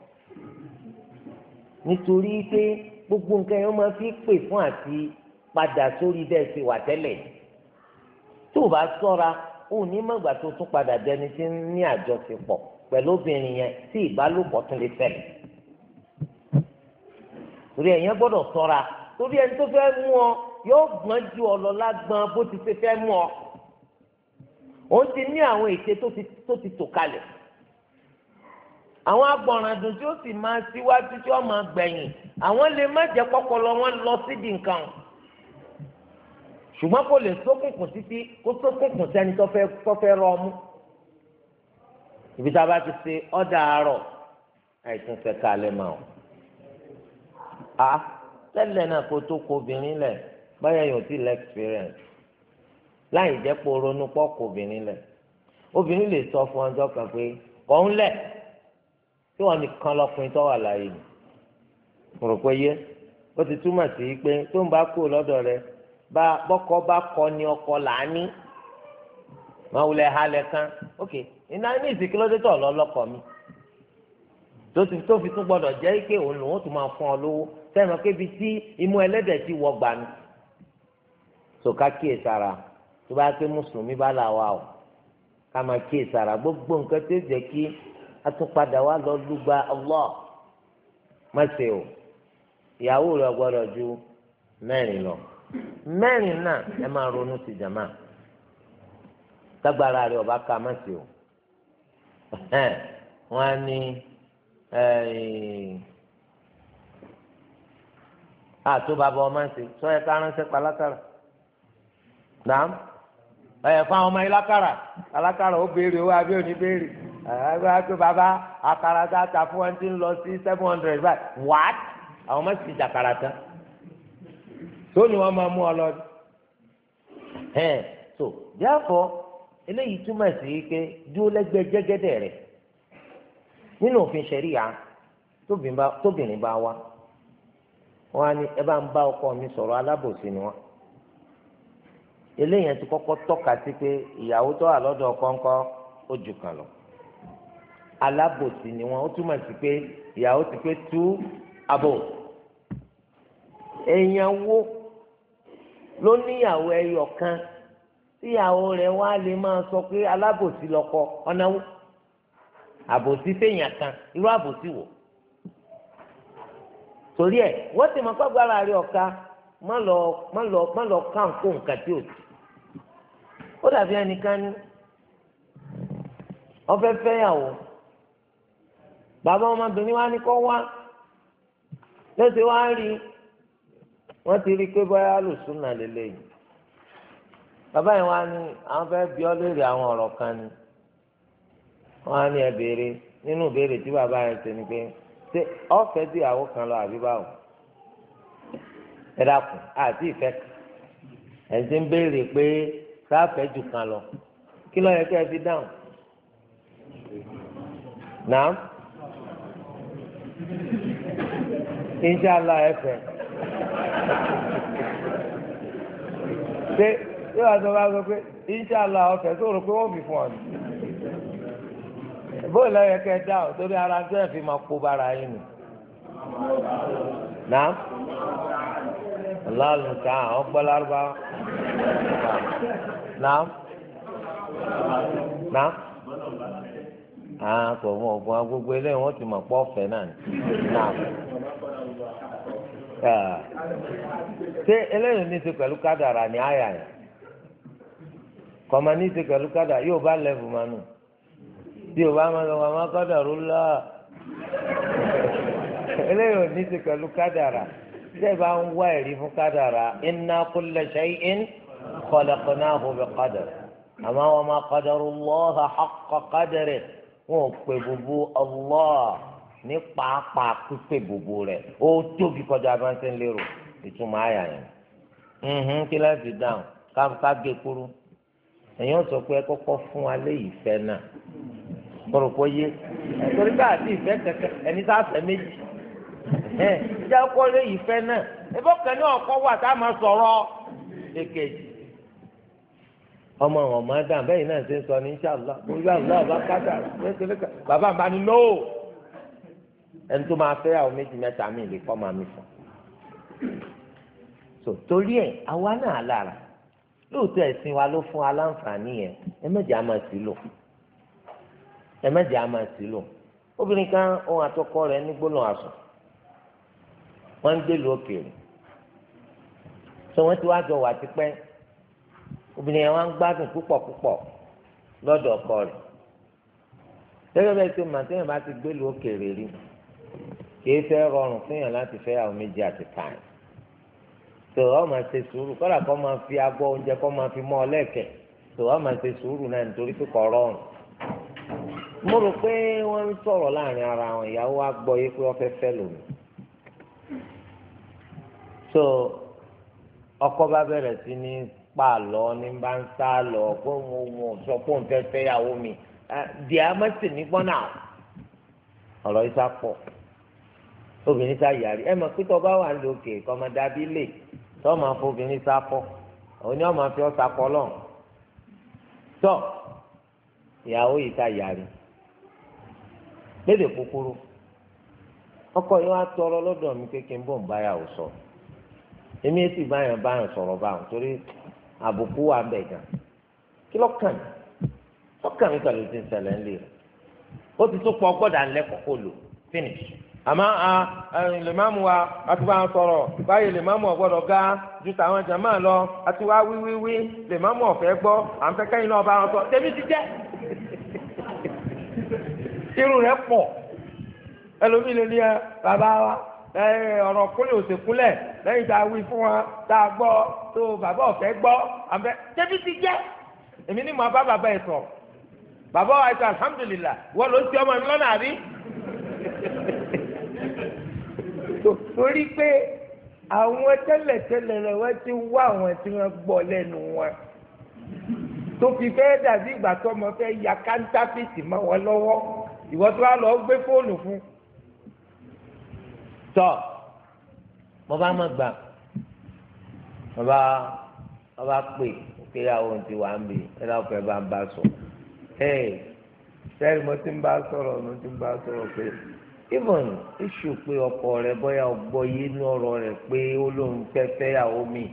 nítorí pé gbogbo nǹkan yẹn máa fi pè fún àti padà sórí bẹ́ẹ̀ ṣe wà tẹ́lẹ̀ tó o bá sọ́ra o ní mọ̀gbà tó tún padà dẹni tí ń ní àjọṣepọ̀ pẹ̀lú obìnrin yẹn tí ìbálòpọ̀ tún lè ṣẹlẹ̀ torí ẹ̀yẹn gbọ́dọ̀ sọ́ra torí ẹni tó fẹ́ mú ọ yóò gbọ́n ju ọ lọ lágbọ́n bó ti ṣe fẹ́ mú ọ òun ti ní àwọn ète tó ti tò kalẹ̀ àwọn agbọ̀nràdùn tí ó sì máa síwájú tí wọ́n máa gbẹ̀yìn àwọn lè má jẹ́ wọn lọ síbi nǹkan ṣùgbọ́n kò lè sókùnkùn títí kó sókùnkùn sẹ́ni tó fẹ́ rọ ọmú ibi tá a bá ti ṣe ọ̀dà àárọ̀ àìsàn ṣẹ̀ka alẹ́ máa a tẹ́lẹ̀ náà kó tó kó obìnrin lẹ̀ yóò ti lẹ́ experience láì jẹ́ pé ronú pọ́ kó obìnrin lẹ̀ obìnrin lè sọ fún ọjọ́ kan pé tí wọn nìkan lọkùnrin tó wà láàyè ni mo rò pé yé ó ti túmọ̀ sí pé tó ń bá kú lọ́dọ̀ rẹ bá bọ́kọ bá kọ ni ọkọ làání máa wulẹ̀ halẹ̀ kan ok iná ní ìsìnkí lọ́dẹ tó lọ́lọ́kọ mi tó ti tó fi tún gbọdọ̀ jẹ́ pé òun lòun tún máa fún ọ lówó sẹ́nu kébi tí imú ẹlẹ́dẹ̀ ti wọ gbani sòká kíyèsára tó bá pé mùsùlùmí bá là wà o ká máa kíyèsára gbogbo nǹkan tó jẹ́ kí atúpadà wa lọ lùgbà Allah má ṣe o ìyàwó rẹ gbọ́dọ̀ ju mẹ́rin lọ mẹ́rin náà ẹ máa ronú sí jàmá tágbára rẹ ọba ká má ṣe o wọn á ní àtúbàbọ ọmọ ṣe sọ ká ránṣẹ́ pa lákàrà nàá ẹ fún àwọn ọmọ yìí lákàrà alákàrà ó béèrè ó abẹ́ òní béèrè ẹ pé bàbá àkàrà tá a ta fún wọn ti lọ sí seven hundred báyìí wàá àwọn má sì jàkàrà tó ni wọn máa mú ọ lọ ẹ so therefore eléyìí túmọ̀ sí pé dúró lẹ́gbẹ̀ẹ́ jẹ́gẹ́dẹ́ rẹ̀ nínú òfin ṣẹ̀ríya tóbìnrin bá wá wọn á ní ẹ bá ń bá ọkọ mi sọ̀rọ̀ alábòsí ni wọn eléyìí ti kọ́kọ́ tọ́ka sí pé ìyàwó tó wà lọ́dọ̀ ọkọ ó jù kan lọ alábòsí ni wọn ó túmọ̀ sí pé ìyàwó ti pé tú abò èèyàn wo ló níyàwó ẹyọ kan tíyàwó rẹ̀ wá lè máa sọ pé alábòsí lọ́kọ ọ̀nàwó àbòsí fèèyàn kan irú àbòsí wò torí ẹ wọ́n ti mọ̀ pàgbára rẹ̀ ọ̀ka má lọ má lọ má lọ ká nǹkó nǹkan tí ò sí ó dàbí ẹnìkan ní ọ̀fẹ́ fẹ́yàwó. bàbá ọmọbìnrin wa ní kó wá lọ́sẹ̀ wá rí wọ́n ti rí i pé bóyá lùsùn náà lélẹ́yìn bàbá yẹn wá ní àwọn fẹ́ bí ọ léèrè àwọn ọ̀rọ̀ kan ni wọ́n á ní ẹ béèrè nínú tí kan lọ àbí ẹ àti ìfẹ́ kan lọ kí inṣàlá ẹ̀fẹ̀. ṣé ṣé wàá sọ bá sọ pé inṣàlá ọ̀fẹ́ tó rò pé wọ́n fi fún ọ ni. bó lẹ́yìn kẹ́ dá ọ torí ara tó ẹ̀ fi máa kó bára yín nù. náà láàlú ta àwọn gbọ́ náà náà àkọ̀ wọn ọ̀gbọ́n agbègbè eléyìí wọ́n ti mọ̀ pọ̀ ọ̀fẹ́ náà náà. ṣé eléyìí ní ṣe pẹ̀lú kádàrà ní àyà yẹn kọ̀mọ̀ ní ṣe pẹ̀lú kádàrà yóò bá lẹ́bù máa nù tí o bá máa lọ wàá má kádàrú lọ eléyìí ní ṣe pẹ̀lú kádàrà tí ẹ bá ń wá ẹ̀rí fún kádàrà inna kulla shay'in khalaqnahu bi qadar àmọ́ wọn máa qadarullaha haqqa qadarihi. wọn ò pè bùbù Allah ní pàápàá pípé bùbù rẹ̀ ó tóbi kọjá bá ń ṣe ń lérò ìtumọ̀ àyà yẹn kí ẹ̀yin sọ pé ẹ fún wa lé náà yé torí bá àti ìfẹ́ ẹni tá a méjì ẹ̀ ìjà kọ́ lé ìfẹ́ náà ẹ̀fọ́ kẹ́ wà tá a sọ̀rọ̀ èkejì. ọmọ wọn máa dàn bẹ́ẹ̀ náà ṣe ń sọ ní inṣàlá inṣàlá ọba kátà lẹ́kẹ̀lẹ́kẹ̀ bàbá mi bá ní no ẹni tó máa fẹ́ àwọn méjì mẹ́ta mi lè kọ́ máa mi fún so torí ẹ̀ àwa náà lára lóòótọ́ ẹ̀sìn wa ló fún aláǹfààní yẹn ẹ mẹ́jẹ̀ á máa sí lò ẹ mẹ́jẹ̀ á máa sí lò obìnrin kan ohun àtọkọ rẹ̀ ní gbólóhùn àṣọ wọ́n ń gbèlú òkèèrè so wọ́n ti wá jọ wà tipẹ́ obìnrin yẹn wá ń gbádùn púpọ̀ púpọ̀ lọ́dọ̀ ọkọ rẹ̀ gẹ́gẹ́ bẹ́ẹ̀ tó màá téèyàn bá ti gbé lu òkèèrè rí kì í fẹ́ rọrùn fúnyàn láti fẹ́ àwọn méjì àti tàn tó o máa ṣe sùúrù kọ́dà kọ́ máa fi abọ́ oúnjẹ kọ́ máa fi mọ́ ọ lẹ́ẹ̀kẹ́ tó o máa ṣe sùúrù náà nítorí pé kọ́ rọrùn mo rò pé wọ́n ń sọ̀rọ̀ láàrin ara àwọn ìyàwó wa gbọ́ yé pé wọ́n fẹ́ fẹ́ lòun so ọkọ bá bẹ̀rẹ̀ sí ní pa lọ n'ịba bá lọ pé mo mo sọ pé òun mi di amẹ́sì ní gbọ́nà ọ̀rọ̀ isa obìnrin sá yàrí ẹ mọ̀ pé tó bá wà ní òkè kọ́ fọ obìnrin sá òun ni wọ́n máa fi ọ́ ìyàwó ọkọ yìí tọrọ mi sọ èmi àbùkù wà bẹ̀ gan kí ló kàn mí ó kàn mí pẹ̀lú ti ń ṣẹlẹ̀ ńlẹ̀ rẹ̀ ó ti tún pọ̀ gbọ́dọ̀ àlẹ́kọ̀ọ́ kó lò finish àmọ́ lèmámù wa a sọ̀rọ̀ báyìí lèmámù ọ̀gbọ́dọ̀ ga ju tàwọn jàmáà lọ àti wá wíwíwí lèmámù ọ̀fẹ́ gbọ́ à ń fẹ́ kẹ́yìn náà bá wọn sọ tẹ́bí ti jẹ́ irun rẹ̀ pọ̀ ẹlòmíì lè ní ẹ bàbá wa ọ̀rọ̀ kúnlẹ̀ òsè kúnlẹ̀ lẹ́yìn tá a wí fún wọn tá a gbọ́ tó bàbá ọ̀fẹ́ gbọ́ àbẹ débi ti jẹ́ èmi ni mo bá bàbá ẹ̀ sọ bàbá wa sọ alhamdulilah wọ́n ló ń ti ọmọ mi lọ́nà àbí. torí pé àwọn tẹ́lẹ̀tẹ́lẹ̀ rẹ̀ wọ́n ti wá àwọn tí wọ́n gbọ́ lẹ́nu wọn tó fi fẹ́ dàbí ìgbà tó ọmọ fẹ́ ya kántáfìsì mọ́ wọn lọ́wọ́ ìwọ́n tó wá lọ gbé fóònù fún un tọ́ mo bá mọ̀ gbà mo bá mo bá pè pé àwọn ti wà ń bì ẹ náà fẹ́ bá ń bá sọ ẹ́ẹ̀ sẹ́ẹ̀rì mo ti ń bá sọ̀rọ̀ mo ti ń bá sọ̀rọ̀ pé even iṣu pé ọkọ rẹ bóyá ọgbọ́ yé inú ọ̀rọ̀ rẹ pé ó lóun fẹ́ fẹ́ yàwó mi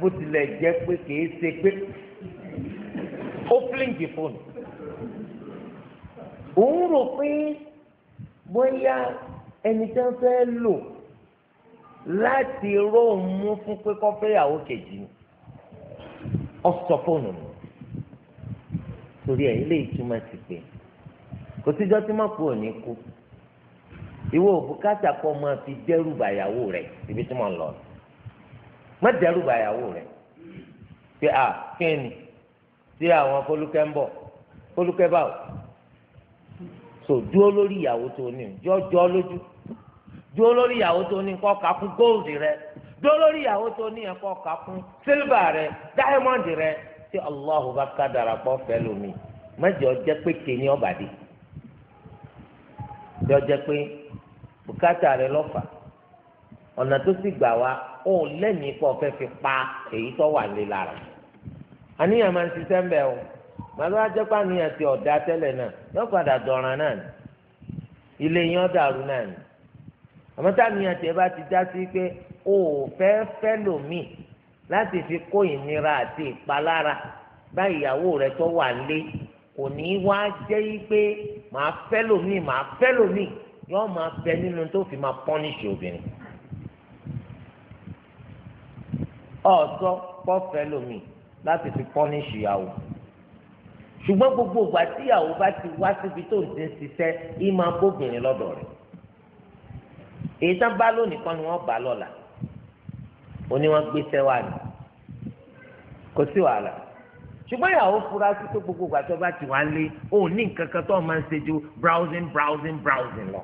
bó tilẹ̀ jẹ́ pé kìí ṣe pé ó flingi fóònù òun rò pé bóyá ẹni tí wọ́n fẹ́ lò láti róun mú fún pé kọ́ fẹ́ yàwó kejì ni ọ sọ fóònù nù torí ẹ̀ ilé ìtumọ̀ ti pè kò síjọ́ tí má kú òní kú ìwọ òbúkátà kọ́ máa fi dẹ́rù bàyàwó rẹ̀ ibi tí mo ń lọ má dẹ́rù bàyàwó rẹ̀ pé à kí ni tí àwọn fọlùkẹ́ ń bọ̀ fọlùkẹ́ báwo. so dúró lórí ìyàwó tó ní jọjọ lójú dúró lórí ìyàwó tó ní kọ́ ka kún rẹ dúró lórí ìyàwó tó ní yẹn kọ́ ka kún rẹ dáímọ̀ndì rẹ tí Allahu bá ká darapọ̀ fẹ́ lómi mẹ́jọ jẹ́ pé kéènì ọ̀bàdì jọ jẹ́ pé bùkátà rẹ lọ́fà ọ̀nà tó sì gbà wá ó pọ̀ fẹ́ fi pa èyí tó wà lé lára àníyàn máa ń ṣiṣẹ́ ń bẹ̀ gbàdúrà ajẹ́pá ni àti ọ̀dà tẹ́lẹ̀ náà yọ padà dọ̀ràn náà ni ilé yẹn dàrú náà ni àmọ́ táàmì àti ẹ̀ bá ti já sí pé o ò fẹ́ fẹ́ lòmíì láti fi kó ìnira àti ìpalára bá ìyàwó rẹ tó wà lé kò ní í wá jẹ́ pé màá fẹ́ lòmíì màá fẹ́ lòmíì yọ máa bẹ nínú tó fi máa pọ́nìṣì obìnrin ọ̀ọ́sọ́ pọ́ fẹ́ lòmíì láti fi pọ́nìṣì ìyàwó ṣùgbọ́n gbogbo ìgbà tíyàwó bá ti wá síbi tó ń ti ń ṣiṣẹ́ yìí máa bóbìnrin lọ́dọ̀ rẹ̀ èyí tán bá lónìí kan ni wọ́n bá lọ́la òní wọ́n gbéṣẹ́ wá ní kò sí wàhálà ṣùgbọ́n ìyàwó fura sí pé gbogbo ìgbà tó bá ti wá lé òun ní nǹkan kan tó máa ń ṣe ju browsing browsing browsing lọ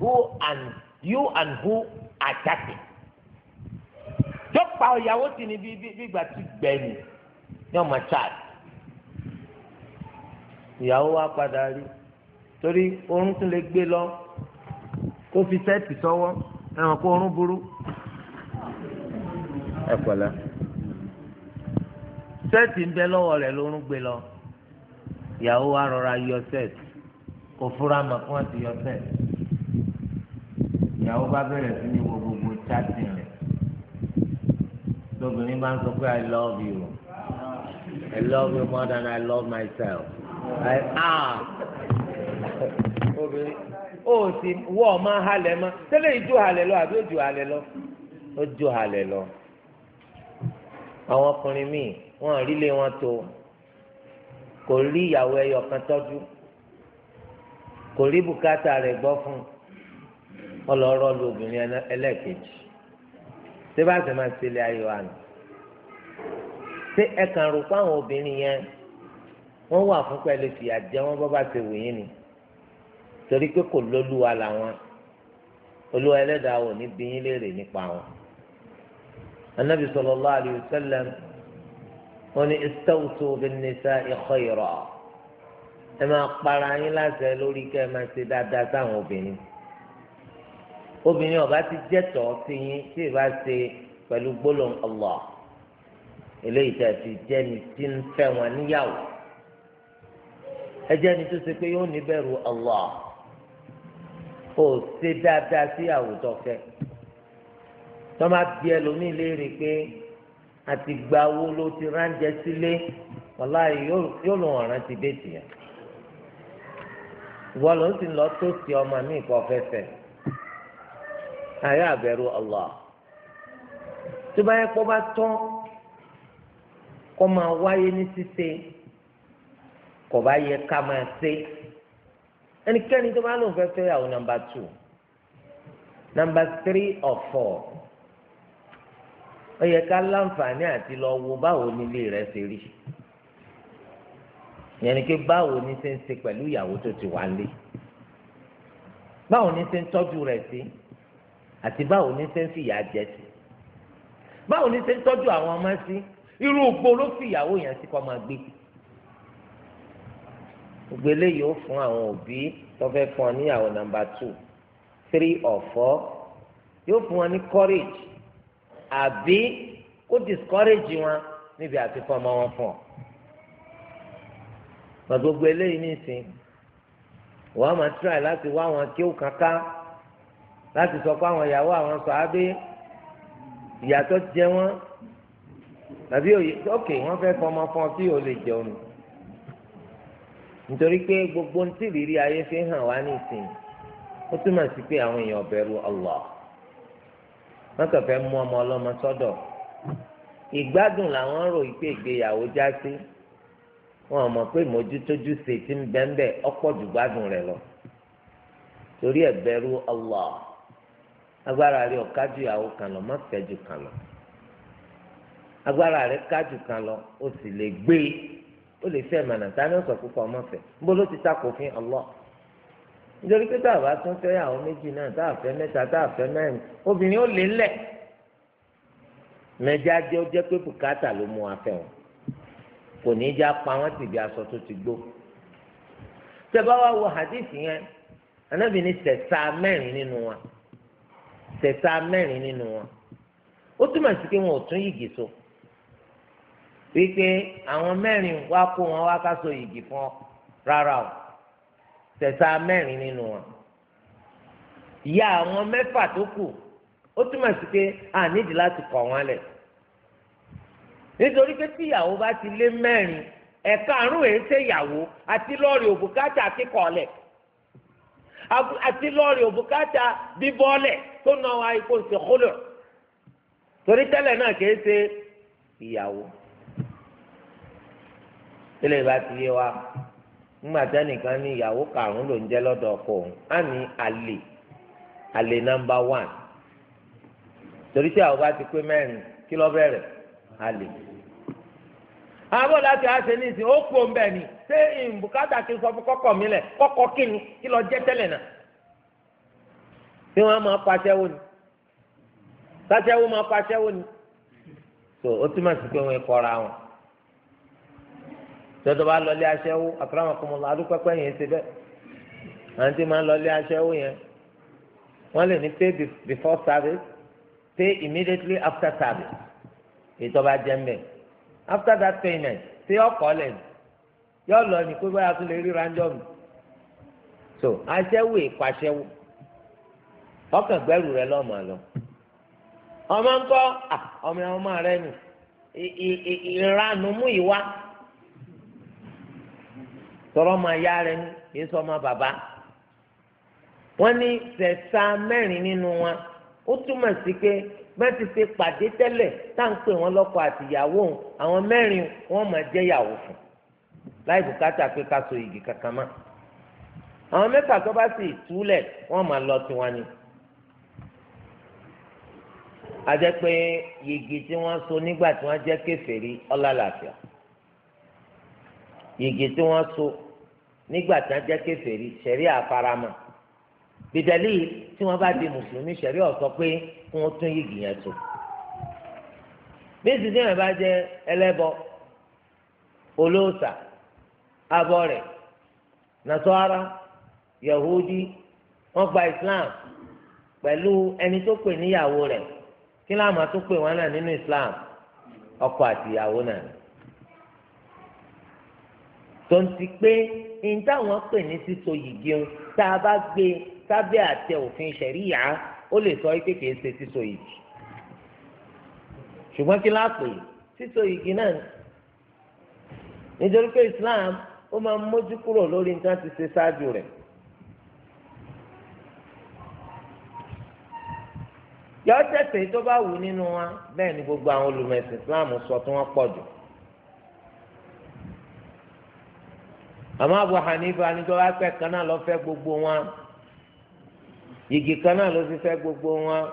who and you and who are chatting tó pa ìyàwó sí ni bí bí bí ìgbà tí gbẹ̀yìn ní ọmọ chat ìyàwó wa padà rí torí oorun tún lè gbé lọ kó fi sẹ́ẹ̀tì sọ́wọ́ ẹ̀wọ̀n kó oorun burú. ẹ pẹ̀lẹ́. sẹ́ẹ̀tì ń bẹ lọ́wọ́ rẹ̀ lórun gbé lọ ìyàwó wa rọra yọ sẹ́ẹ̀tì kò fura mọ̀ fún àti yọ sẹ́ẹ̀tì ìyàwó bá bẹ̀rẹ̀ sí ní wo gbogbo chatting lóbìnrin bá ń sọ pé i love you i love you more than i love myself obìnrin ó sì wọ́ ọ máa halẹ̀ mọ́ tẹ́lẹ̀ ìjó halẹ̀ lọ àbí òjò halẹ̀ lọ òjò halẹ̀ lọ àwọn ọkùnrin míì wọn rí lé wọn tó kò rí ìyàwó ẹyọ kan tọ́jú kò rí bùkátà rẹ̀ gbọ́ fún ọlọ́rọ́ lu obìnrin ẹlẹ́ẹ̀kejì tí bá sì máa ṣe ilé ayé wa nù ṣé ẹ kàn rò pé àwọn obìnrin yẹn wọ́n wà fún pẹ̀lú fìyà jẹ wọ́n bọ́ bá ti wù yín ni torí pé kò lólúwa làwọn olúwa ẹlẹ́dàá ò ní bí yín léèrè nípa wọn. anabi sallallahu alayhi wa sallam wọ́n ní istawsu bin nisa'i khayra ẹ máa para yín láṣẹ lórí kẹ́ ẹ máa ṣe dáadáa sáwọn obìnrin obìnrin ọba ti jẹ́tọ̀ sí yín tí ì bá ṣe pẹ̀lú gbólóhùn Allah eléyìí tẹ̀ fi jẹ́ mi tí ń fẹ́ wọn níyàwó ẹjẹ́ ni tó ṣe pé yóò níbẹ̀rù Allah ó ṣe dáadáa sí àwùjọ fẹ́ tọ́mà bí ẹlòmíì léèrè pé àti gba owó ló ti ránjẹ sílé wàláyé yóò lò wọ́n rántí déètì yẹn ìwọ ló ń sì lọ tó sí ọmọ mi kọ fẹsẹ̀ àyà àbẹ̀rù Allah tó bá yẹ kó bá tán kó máa wáyé ní ṣíṣe kò bá yẹ ká máa ṣe ẹnikẹ́ni tó bá lóun fẹ́ fẹ́ yàwó nàmbà tù nàmbà tírí ọ̀fọ̀ ó yẹ ká láǹfààní àti lọ wo báwo nílé rẹ̀ ṣe rí yẹn ni pé báwo ni ṣe ń ṣe pẹ̀lú ìyàwó tó ti wà lé báwo ni ṣe ń tọ́jú rẹ̀ sí àti báwo ni ṣe ń fìyà jẹ sí báwo ni ṣe ń tọ́jú àwọn ọmọ sí irú ògbó ló fi ìyàwó yẹn sí kọ́ máa gbé gbogbo eléyìí ó fún àwọn òbí tó fẹ́ fún ọ níyàwó nàmbà two three or four yóò fún wọn ní courage àbí kó discourage wọn níbi àti fọmọ wọn fún ọ mà gbogbo eléyìí nìsín wọ́n máa try láti wá àwọn kí ó kankan láti sọ pé àwọn ìyàwó àwọn sọ abé ìyàtọ̀ jẹ wọ́n tàbí òye ok wọ́n fẹ́ fọmọ fún ọ kí o lè jẹun nítorí pé gbogbo ń tì rírí ayé fi hàn wá ní ìsìn ó túmọ̀ sí pé àwọn èèyàn bẹ̀rù Allah wọ́n mú ọmọ ọlọ́mọ sọ́dọ̀ ìgbádùn làwọn rò pé ìgbéyàwó já sí wọn mọ̀ pé pe ṣe ti ń bẹ́ńbẹ́ ọ̀pọ̀ opo gbádùn rẹ̀ lọ torí ẹ̀ bẹ̀rù Allah agbára rẹ̀ ọ̀kájú ìyàwó kan lọ má fẹ́ kan lọ agbára rẹ̀ kájú kan lọ ó sì lè gbé e. ó lè fẹ́ mànà tá a ní sọ̀kú kọ́ ọmọ fẹ́ ló ti takò fún Allah nítorí pé tá tún fẹ́ àwọn méjì náà tá fẹ́ mẹ́ta tá fẹ́ mẹ́rin obìnrin ó lè lẹ̀ mẹ́jọ ó jẹ́ pé bùkátà ló wọn kò ní í ti bí aṣọ tó ti gbó wo hadith yẹn anábì ní sẹ̀sá mẹ́rin nínú so wípé àwọn mẹ́rin wá kó wọn wá ká so yìgì fún ọ rárá o tẹ̀sà mẹ́rin nínú wọn ìyá àwọn mẹ́fà tó kù ó túmọ̀ sí pé a nídìí láti kọ̀ wọ́n lẹ̀ nítorí pé tíyàwó bá ti lé mẹ́rin ẹ̀ka àrùn èyí ṣèyàwó àti lọ́ọ̀rì òbúkátà kíkọ̀ọ́lẹ̀ àti lọ́ọ̀rì òbúkátà bíbọ́ọ̀lẹ̀ tó na wa ikú ṣe kólọ̀ torí tẹ́lẹ̀ náà kìí ṣe ìyàwó tẹ́lẹ̀ bá ti yé wa ńgbà tí ẹnìkan ní ìyàwó karùn-ún ló ń jẹ́ lọ́dọ̀ ọkọ òun á ní àlè nàmbà wàn torí tí àwọn bá ti pé mẹ́rin kí ló bẹ̀rẹ̀ àlè. àbọ̀ láti àṣẹ ní ìsìn ó pò ni ṣé ìbùkátà kí n sọ fún kọ́kọ́ mi lẹ̀ kọ́kọ́ ni kí ló jẹ́ tẹ́lẹ̀ náà. ni máa ni. tó tọ́tọ́ bá lọlé aṣẹ́wó àkàràmọ̀kọ́mọ́ adúpẹ́pẹ́ yẹn ṣe bẹ́ẹ̀ àwọn tí máa ń lọlé aṣẹ́wó yẹn wọ́n lè ní pay before service pay immediately after service ètò ọba jẹ́ mbẹ́ after that payment ṣé ọkọ̀ lẹ̀ yọ lọ ní pé báyà tún lè rí random so aṣẹ́wó ìpàṣẹ́wó ọkàn gbẹ́rù rẹ lọ́mọ lọ ọmọ ńkọ́ ọmọ ọmọ rẹ nù ìranumú ìwá tọrọ ọmọ ya rẹ ni kìí sọ ọmọ bàbá wọn ní sẹsà mẹ́rin nínú wọn ó túmọ̀ sí pé bẹ́ẹ̀ ti ṣe pàdé tẹ́lẹ̀ tá à ń pè wọ́n lọ́kọ àtìyàwó òun àwọn mẹ́rin wọ́n máa jẹ́ ìyàwó fún láì bùkátà pé ká so igi kankan mọ́ àwọn mẹ́fà tó bá sì túlẹ̀ wọ́n máa lọ tiwọn ni. a pé yìgì tí wọ́n so nígbà tí wọ́n jẹ́ kèfèrí ọlá làáfíà yìgì tí wọ́n so nígbà tí wọ́n jẹ́ kèfèrí ṣẹ̀rí àfaramọ́ bìdẹ́lì tí wọ́n bá di mùsùlùmí ṣẹ̀rí ọ̀sọ́ pé kí wọ́n tún yìgì yẹn tó bí ìsìnkú yẹn bá jẹ́ ẹlẹ́bọ olóòṣà abọ́rẹ̀ nasọ́ra yahudi wọ́n gba islam pẹ̀lú ẹni tó pè níyàwó rẹ̀ kí láàmú àtúnpè wọn náà nínú islam ọkọ àtìyàwó náà tó ń ti pé ní táwọn pè ní sísọ yìgì ń tá a bá gbé sábẹ́ àtẹ òfin ṣẹ̀ríyà ó lè sọ pé kìí ṣe sísọ yìgì ṣùgbọ́n kí láàpè sísọ yìgì náà nítorí pé Islam ó máa ń mójú kúrò lórí nǹkan tí ṣe ṣáájú rẹ̀. yọ tẹsẹ̀ tó bá wù nínú wa bẹ́ẹ̀ ni gbogbo àwọn olùmẹ̀sìn Islam sọ tí wọ́n pọ̀ jù. àmọ́ Abu Hanifa ni tó bá pẹ́ kan náà lọ fẹ́ gbogbo wọn igi kan náà ló fi fẹ́ gbogbo wọn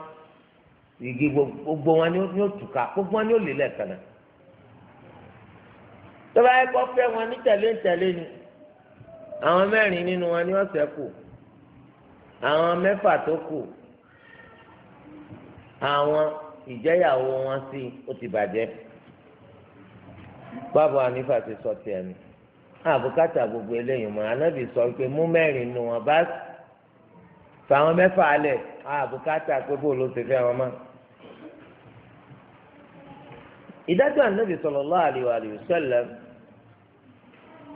igi gbogbo wọn ni ó tùkà gbogbo wọn ni ó lè lẹ́ẹ̀kan náà tó bá yẹ kó fẹ́ wọn ní tẹ̀lé tẹ̀lé ni àwọn mẹ́rin nínú wọn ni wọ́n ṣẹ́kù àwọn mẹ́fà tó kù àwọn ìjẹ́yàwó wọn sí ó ti bàjẹ́ báwo Hanifa ti sọ tiẹ̀ ni àbùkátà ah, gbogbo eléyìí mọ anábì sọ pé mú mẹ́rin nù wọn bá fàwọn mẹ́fà alẹ̀ àbùkátà ah, pé bó ló ti fẹ́ wọn mọ́. ìdájọ́ anábì sallallahu alaihi wa sallam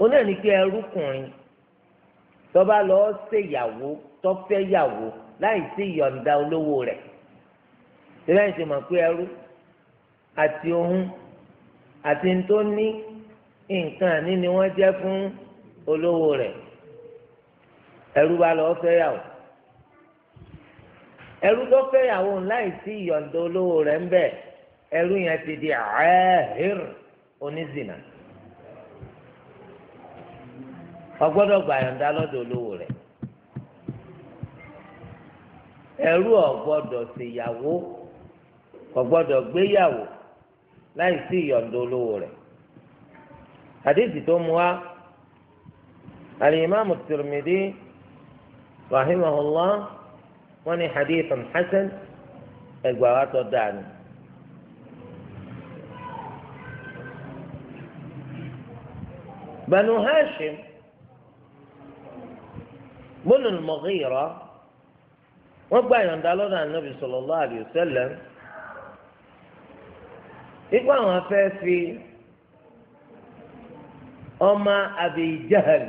onáà ní kí ẹrúkùnrin tó bá lọ ṣèyàwó tó fẹ́ yàwó láì sí ìyọ̀ǹda olówó rẹ̀ ṣé báyìí ṣe mọ̀ pé ẹrú àti ohun àti ntó nǹkan àní ni wọ́n jẹ́ fún olówó rẹ̀ ẹrú bá lọ fẹ́yàwó ẹrú tó fẹ́yàwó láì sí ìyọ̀ǹda olówó rẹ̀ ń bẹ̀ ẹrú yẹn ti di ààhìr onízìnà ọgbọ́dọ̀ gba ìyọ̀ǹda lọ́dọ̀ olówó rẹ̀ ẹrú ọ̀gbọ́dọ̀ ṣèyàwó ọ̀gbọ́dọ̀ gbéyàwó láì sí ìyọ̀ǹda olówó rẹ̀ hadithi tó mu wa alimami tirmidhi rahimahullah wọn ni hadithan hasan ẹgbàá wa tó dáa ni. بنو هاشم بن المغيرة وقبع يندالون النبي صلى الله عليه وسلم يقبع ما في ọmọ Abi Jahal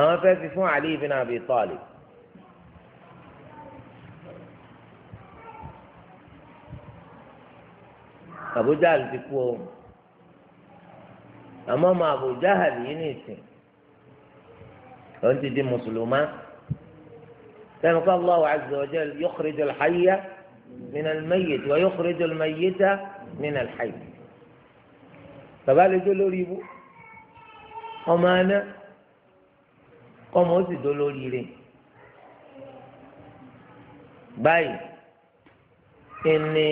àwọn fẹ́ẹ́ fi fún Ali ibn Abi Talib. Abu Jahal ti kú o àmọ́ ọmọ Abu Jahal yìí nìsín ló ń ti di mùsùlùmá sẹ́nu ká Allahu azza wa jalla yukhrij al-hayya min al-mayyit wa yukhrij al-mayyita min al-hayy. bàbá lè jó lórí ibú ọmọ aná kọ́mọ ó sì dó lórí rẹ̀ báyìí ìní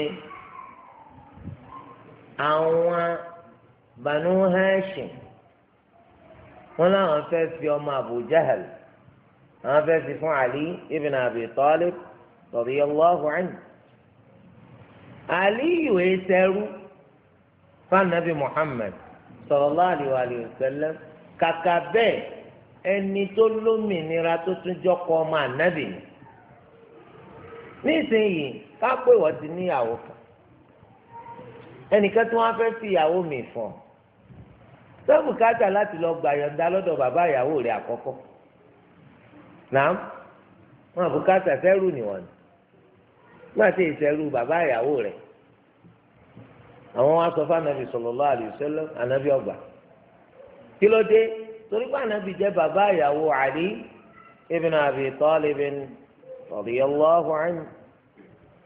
àwọn Banu Hashim wọn làwọn fẹ́ fi ọmọ Abu Jahal àwọn fẹ́ fi fún Ali ibn Abi Talib radiyallahu anhu Ali ìwé sẹ́rú fanabi muhammed sallallahu alayhi wa sallam kàkà bẹ́ẹ̀ ẹni tó lómìnira tó tún jọkọ ọmọ ànábì nísìnyìí kápẹ́ ìwọ ti níyàwó kan ẹnìkan tí wọ́n fẹ́ fi ìyàwó mi fún ọ sọ́ọ̀bù kájà láti lọ gbà yọ̀ǹda lọ́dọ̀ bàbá ìyàwó rẹ̀ àkọ́kọ́ nàá wọn àbúkátà fẹ́rù nìwọ̀n ní wọn àti ìṣẹ́rù bàbá ìyàwó rẹ̀ àwọn wa sọ fún anabi sallallahu alaihi wasallam anabi ọgbà kí ló dé torí pé anabi jẹ́ bàbá ìyàwó Ali ibn Abi Talib radiyallahu anhu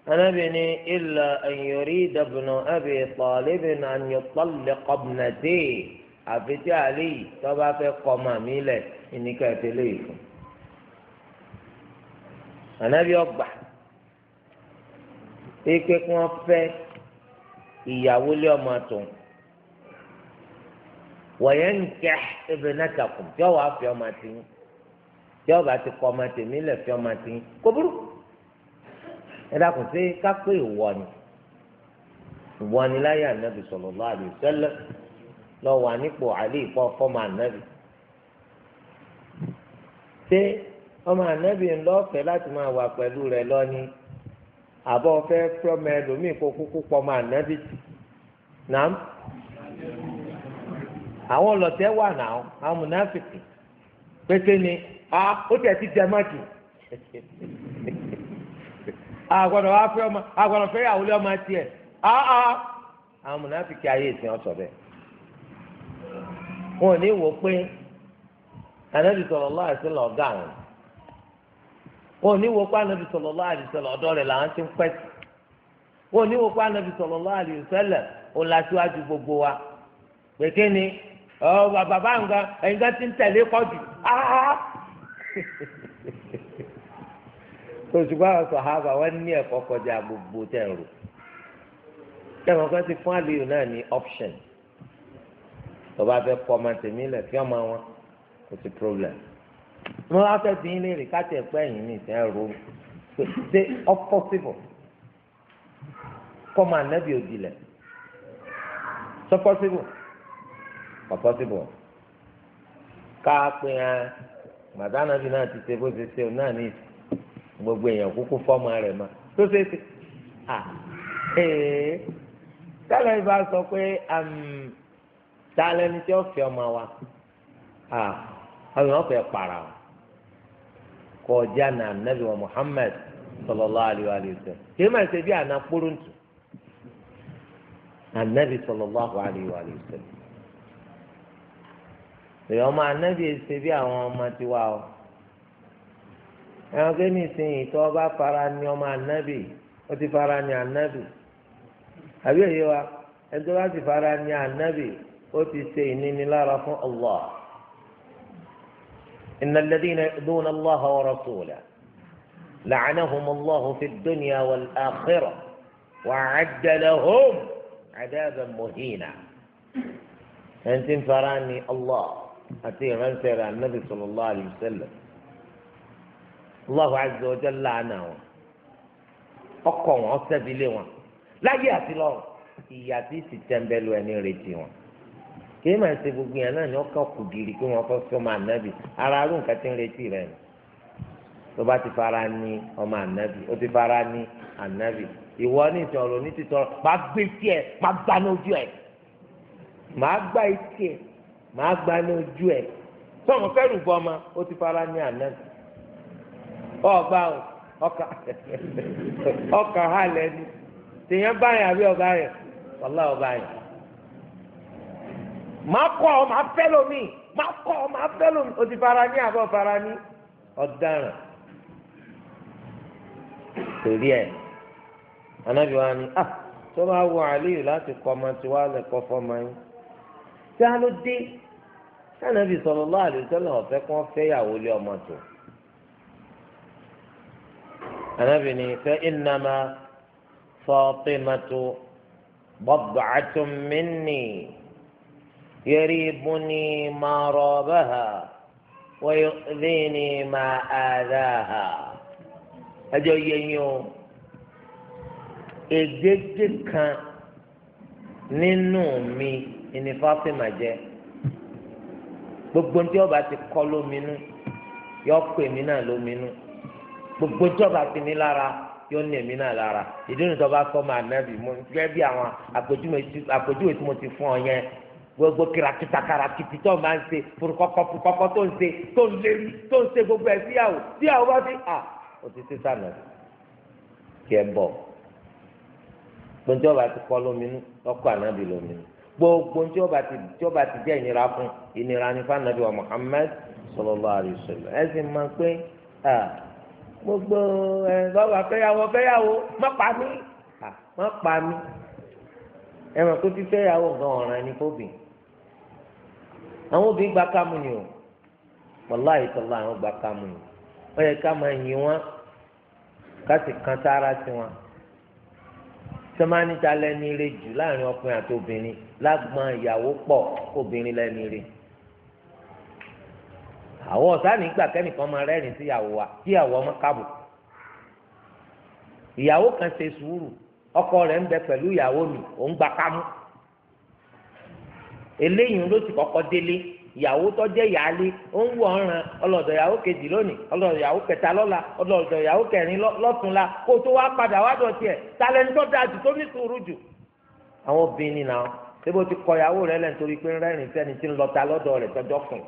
anabi ni illa an yurida ibnu Abi Talib an yutalliqa ibnatihi àfi tí Ali tó bá fẹ́ kọ màmí lẹ̀ ìníkà ìtẹ̀lé ìfún anabi ọgbà pé pé kí fẹ́ ìyàwó lé ọmọ tòun wọ̀nyẹ́ ń kẹ́ ebè náà takùn tí ọwọ́ àfi ọmọ ti ń tí ọba ti kọ ọmọ tèmi lẹ̀ fi ọmọ ti ń kó burú ẹ sí kápẹ́ ìwọ ni láyé ànábì sallallahu alaihi wasallam lọ wà nípò àlè ìpọ fọmọ ànábì ṣé ọmọ ànábì ńlọ́ọ̀fẹ́ láti máa wà pẹ̀lú rẹ̀ lọ́ni àbọ̀ fẹ́ fọmọ ẹlòmíì kó kúkú pọmọ ànábì nàám àwọn ọlọ́tẹ̀ wà náà àwọn mùnáfìkì pété ni a ó tẹ̀ ti dẹ́ mọ́tì àgbọ̀dọ̀ wá fẹ́ ọmọ àgbọ̀dọ̀ fẹ́ ìyàwó lé ọmọ tiẹ̀ a a àwọn mùnáfìkì ayé ìsìn ọ̀sọ̀ bẹ́ẹ̀ wọn ò ní wò pé ànábì àwọn. wọn ò ní wo pa anabi sallallahu alaihi wasallam ọ̀dọ̀ rẹ̀ làwọn ti ń pẹ́ sí wọn ò ní wo pa anabi sallallahu alaihi wasallam òun la síwájú gbogbo wa pèké ni ọ bàbá nǹkan ẹ̀yin kan ti ń tẹ̀lé kọ́jú áá òṣùgbọ́n àwọn sọ̀hábà wọn ní ẹ̀kọ́ kọjá gbogbo tẹ̀ ń rò tẹ̀wọ̀n kan ti fún àlejò náà ní option tọ́ba fẹ́ kọ́ ọmọ tèmi lẹ̀ fi ọmọ wọn kò sí problem. mo wá fẹ́ bí ilé rè káàtì ẹ̀pẹ́ yìí ní ìtẹ́ ro ṣe ọkọ̀ síbọ̀ kọ́ máa nẹ́bí òdìlẹ̀ sọ́kọ́ síbọ̀ ká pé màdánà bí náà ti ṣe bó ṣe ṣe náà ní gbogbo èèyàn kúkú fọ́ọ̀mù rẹ̀ mọ́ tó ṣe ṣe à ee tẹ́lẹ̀ bá sọ pé um, ta lẹni tí ó fi ọmọ wa para wọn. kọjá na anabi wa sallallahu alayhi wa máa ṣe bí àná kpóróntù anabi sallallahu alayhi wa èyí ọmọ anabi ṣe bí àwọn ọmọ tiwa o ẹ̀wọ̀n kéènì sìn tó ọba fara ni ọmọ anabi ó ti fara ni anabi àbí èyí wa ẹni tó bá ti fara ni anabi ó ti ṣe ìnínilára fún allah. إن الذين يؤذون الله ورسوله لعنهم الله في الدنيا والآخرة وأعد لهم عذابا مهينا أنت فراني الله أتي غنسر النبي صلى الله عليه وسلم الله عز وجل لعنهم أقوى وأسد لا يأتي لهم إياتي ستنبل وأني ريتي kí màá gbogbo yẹn náà ni kù ọmọ ànábì ara arú nǹkan tí ń retí rẹ̀ nù ti fara ní ọmọ ànábì ó ti fara ní ànábì ìwọ ní ìtọ̀rọ̀ ní títọ̀rọ̀ máa gbé tí ẹ máa gbá lójú ẹ máa gbá etí ẹ máa gbá lójú ẹ ọmọ ó ti fara ní ànábì ọgbà ọkà ọkà báyìí àbí ọba máa kọ́ ọ máa fẹ́ lómi máa kọ́ ọ máa fẹ́ lómi o ti fara ní àbọ̀ fara ní ọ̀daràn torí ẹ̀ anábì wa ni ah tó bá wọ àlíyù láti kọ́ ọmọ tí wàá lẹ́kọ́ fọ́mọ yín tí a ló dé sànàbì sallallahu alaihi wasallam ọ̀fẹ́ kí wọ́n yàwó lé ọmọ tó anábì ni fa innama Fatimatu bad'atun minni. يريبني ما رابها ويؤذيني ما آذاها أجو kan mi gbogbo ọba ti kọ lóminú yọ pè mí náà lóminú gbogbo ọba ti ní lára ní èmi náà lára ìdí nìtọ́ bá máa mo bí àwọn àpèjúwe mo ti fún ọ yẹn gbogbo kìràkìtà kàràkìtì tó máa ń ṣe furukọkọ furukọkọ tó ń se, tó ń lérí tó ń ṣe gbogbo ẹ síyàwó síyàwó bá fi à ah, ó ti ṣe sànà kí ẹ bọ gbọ̀njọba ti kọ́ lóminú lọ́kọ́ ànábì lóminú gbogbo tí ọba ti tí ọba ti jẹ́ ìnira fún ìnira ní fanabi wa Muhammad sallallahu alaihi wasallam ẹ sì máa pé ah, gbogbo ẹ bàbá fẹ́yàwó fẹ́yàwó má pa mí ah, má pa mí ẹ mọ̀ pé fífẹ́yàwó gan ọ̀ràn ni fóbìn àwọn obìnrin gba kámú ni o wàláyé tọ́lá àwọn gba kámú ni ó yẹ ká máa yin wọn ká sì kan sára sí wọn sọmánìta lẹni rẹ jù láàrin ọkùnrin àti obìnrin lágbọn ìyàwó pọ̀ obìnrin lẹni rẹ àwọn ọ̀sán nígbà kẹ́nìkan máa rẹ́rìn sí ìyàwó wa kí ìyàwó ọmọ kábò ìyàwó kan ṣe sùúrù ọkọ rẹ̀ ń bẹ pẹ̀lú ìyàwó mi òun gba kámú. eléyìí ló ti kọ́kọ́ délé ìyàwó tó jẹ́ ìyáálé ó ń wọ ọ̀ràn ọlọ́dọ̀ ìyàwó kejì lónìí ọlọ́dọ̀ ìyàwó kẹta lọla ọlọdọ ìyàwó kẹrin lọ́túnla kó tó wá padà wá dọ̀tí ẹ̀ talẹ́ni tó dáa tó ní sùúrù jù. àwọn obìnrin náà kọ ìyàwó rẹ lẹ́nu torí pé rẹ́rìn sẹ́ni ń lọ́dọ̀ rẹ̀ fún un.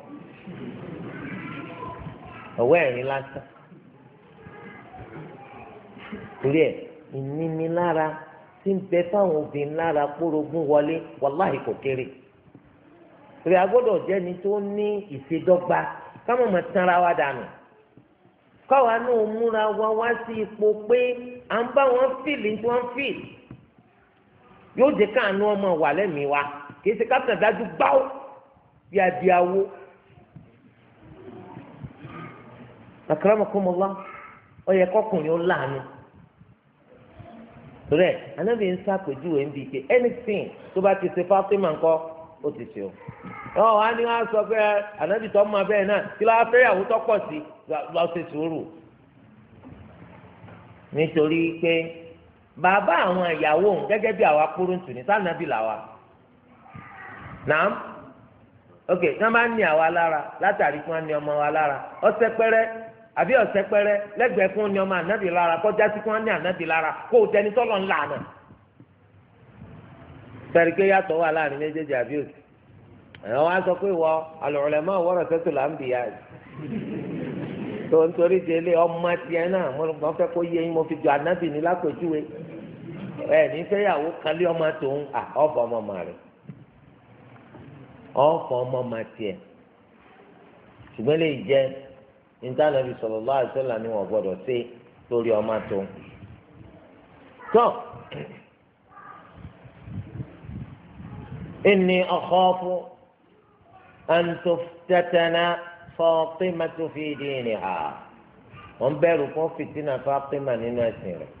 ẹ̀rín ti ń bẹ fáwọn obìnrin lára kórogún wọlé wàláhì kò kéré rẹ̀ agbọ́dọ̀ jẹ́ ni tó ní ìṣèdọ́gba káwọn ọmọ tanra wa dànù káwa náà múra wa wá sí ipò pé à ń bá wọn fìlì tí wọ́n fìlì yóò káànú ọmọ wà lẹ́mìí wa kìí ṣe dájú báwò bí adìyàwó. akramakumullah kọkùnrin ó láàánú anything tó bá ti ṣe o. ọ wa ni wọ́n sọ pé ànábì tó máa bẹ́ẹ̀ náà kí ló wá fẹ́ yàwó tó pọ̀ sí lọ sùúrù. nítorí pé bàbá àwọn ìyàwó òun gẹ́gẹ́ bí àwa kúrú ní sànàbì nàám ok na bá ní àwa lára látàrí ọmọ wa lára àbí ọmọ ànábì lára kọjá sí ànábì lára kó o ńlá náà. yàtọ̀ wà ẹ̀wọ́n wá sọ pé wọ al-ulama warasatul anbiya tó ń torí délé ọmọ tiẹ̀ náà mo fẹ́ kó yé yín mo fi jọ anábì ní lápèjúwe ẹ̀ nífẹ̀yàwó kan lé ọ̀fọ̀ ọmọ rẹ̀ ọ̀fọ̀ ọmọ tiẹ̀ ṣùgbọ́n lè jẹ́ ni wọ́n gbọ́dọ̀ ṣe lórí ọmọ tó ń. an tuftatana Fatimatu في دينها، wọ́n bẹ̀rù kó fìtínà Fatima nínú ẹ̀sìn rẹ̀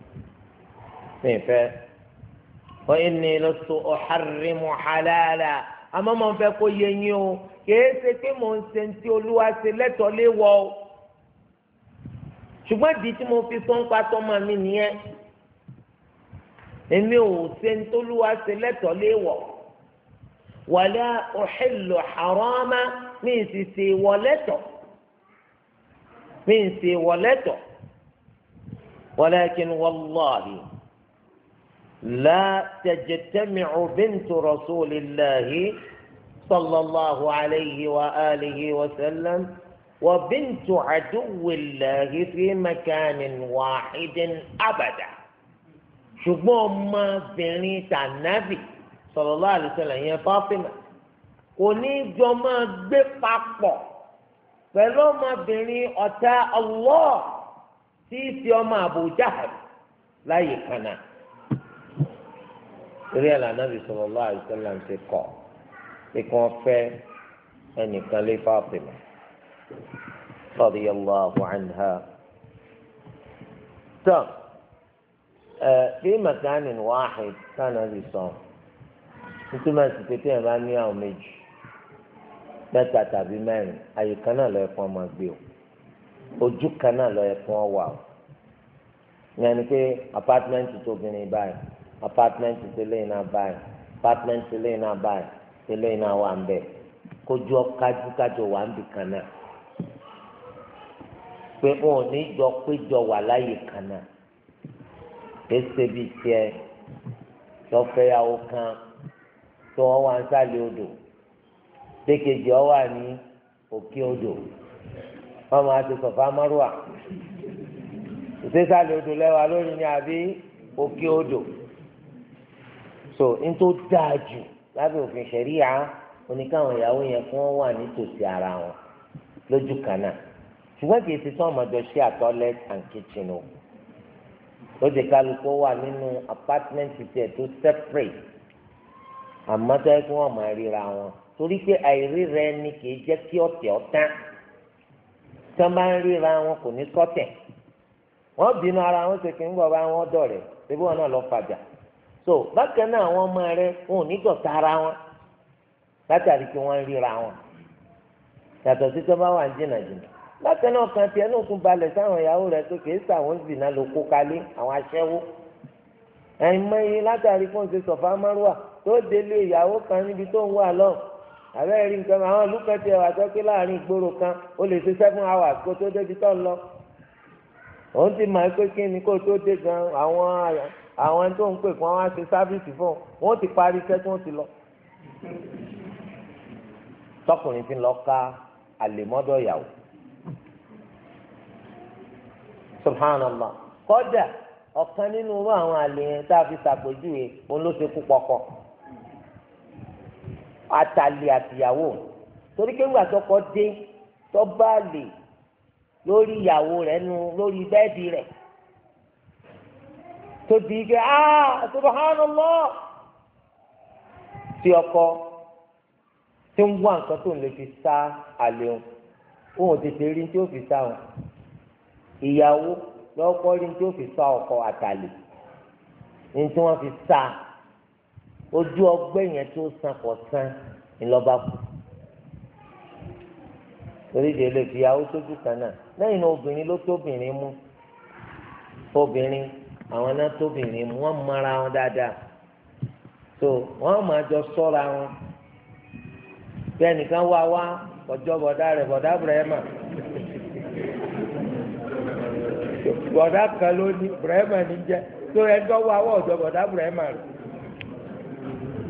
sìn fẹ́ wa inni lastu uharrimu halala àmọ́ mo fẹ́ kó yé yín o kìí ṣe pé mo ń ṣe ti olúwa ṣe lẹ́tọ̀ọ́ lé wọ o ṣùgbọ́n ìdí tí mo fi tó ń pa tọ́mọ mi nìyẹn èmi ò ṣe ń tolúwa ṣe lẹ́tọ̀ọ́ lé wọ̀ ọ́. ولا أحل حرام من سيسي ولته من سي ولكن والله لا تجتمع بنت رسول الله صلى الله عليه وآله وسلم وبنت عدو الله في مكان واحد أبدا شبه ما بنت النبي sallallahu alaihi wasallam yẹn Fátímà kò ní jọ máa gbé papọ̀ pẹ̀lú ọmọbìnrin ọ̀tá Allah tí í fi ọmọ abuja Jahl láyè kan náà torí ẹ̀ l'Ànábì sallallahu alaihi wasallam ti kọ̀ pé kí wọ́n fẹ́ ẹnìkan lé yen Fátímà awon anha tán ẹ̀ fi makanin wahid kánà lè sọ̀rọ̀. nítorí máa sì pé téèyàn bá ní àwọn méjì mẹ́ta tàbí mẹ́rin àyè kan náà lọ́ọ́ ẹ̀fọn máa gbé o ojú kan náà lọ́ọ́ ẹ̀fọn wà o ìyẹn ni pé apátímẹ́ǹtì tóbìnrin báyìí apátímẹ́ǹtì tẹ́lẹ̀ iná báyìí apátímẹ́ǹtì tẹ́lẹ̀ iná báyìí tẹ́lẹ̀ iná wà ń bẹ̀ kójú ọ̀kájú kájọ wà ń bì kan náà pé wọn ò ní jọ péjọ wà láyè kan náà èsè bíi tiẹ̀ lọ́fẹ̀yàwó kan tí wọ́n wá ń sálẹ̀ odò dékejì ọ wà ní òkè odò wọ́n máa ti sọ̀fà márùwà ìsésàlẹ̀ odò lẹ́wà lónìí ní àbí òkè odò so n tó dáa jù lábẹ́ òfin ṣẹ̀ríyà oníkàwọn ìyàwó yẹn kí wọ́n wà nítòsí ara wọn lójú kan náà ṣùgbọ́n kì í ti tán ọmọdé ṣe àtọ́lẹ̀ and kitchen o lóde kálukú wà nínú apartment tiẹ̀ tó separate àmọ́ tó yẹ kí wọ́n máa ríra wọn torí pé àìríra ẹni kì í jẹ́ kí ọ̀tẹ̀ ọ̀tán tí wọ́n bá ń ríra wọn kò ní sọ́tẹ̀ wọ́n bínú ara wọn ṣe kí ń gbọ́ bá wọn dọ̀rẹ́ ṣébí wọn náà lọ fàjà so bákan náà àwọn ọmọ rẹ wọn ò ní dọ̀tá ara wọn látàrí kí wọ́n ń ríra wọn yàtọ̀ sí tó bá wà jìnnà jìnnà bákan náà kan tiẹ̀ náà tún balẹ̀ sáwọn ìyàwó rẹ pé kìí sàwọn zìnnà ló kalẹ̀ àwọn aṣẹ́wó ẹ̀yin mẹ́yìn látàrí fóun ṣe márùwà tó délé ìyàwó kan níbi tó ń wà lọ àbẹ́ rí nǹkan mọ̀ àwọn ìlú kan ti ẹ̀wà tó pé láàrin ìgboro kan ó lè ṣe seven hours kó tó débi tó ń lọ òun ti mọ̀ pé kí ni kó tó dé gan àwọn àwọn tó ń pè fún àwọn àṣẹ sáfíìsì fún wọn ti parí iṣẹ́ tí wọ́n ti lọ. tọkùnrin ti lọ ka àlèmọ́dọ̀ ìyàwó subhanallah kọ́dà ọ̀kan nínú àwọn àlè yẹn tá a fi ṣàpèjúwe òun ló ṣe kú pọ̀pọ̀ àtàlè àtìyàwó torí kéwù àtọkọ dé tọ́ba lè lórí ìyàwó rẹ̀ nu lórí bẹ́ẹ̀dì rẹ̀ tó di ike ah subhanallah tí ọkọ tí ń wá nǹkan tó ń lè fi sá àlè òun òun tètè rí tí ó fi sá òun ìyàwó lọ́kọ́ rí tí ó fi sá ọkọ àtàlè ní tí wọ́n fi sá ojú ọgbẹ́ yẹn tó san kọ̀ san ńlọba kù torí ìdílé ìfìyàwó sójú kan náà lẹ́yìn náà obìnrin ló tóbìnrin mú obìnrin àwọn náà tóbìnrin mú wọ́n mara wọn dáadáa so wọ́n máa jọ sọ́ra wọn bí ẹnìkan wá wá ọjọ́ bọ̀dá rẹ̀ bọ̀dá brema kan ló ní brema ní jẹ́ So ẹjọ́ wá wá ọjọ́ bọ̀dá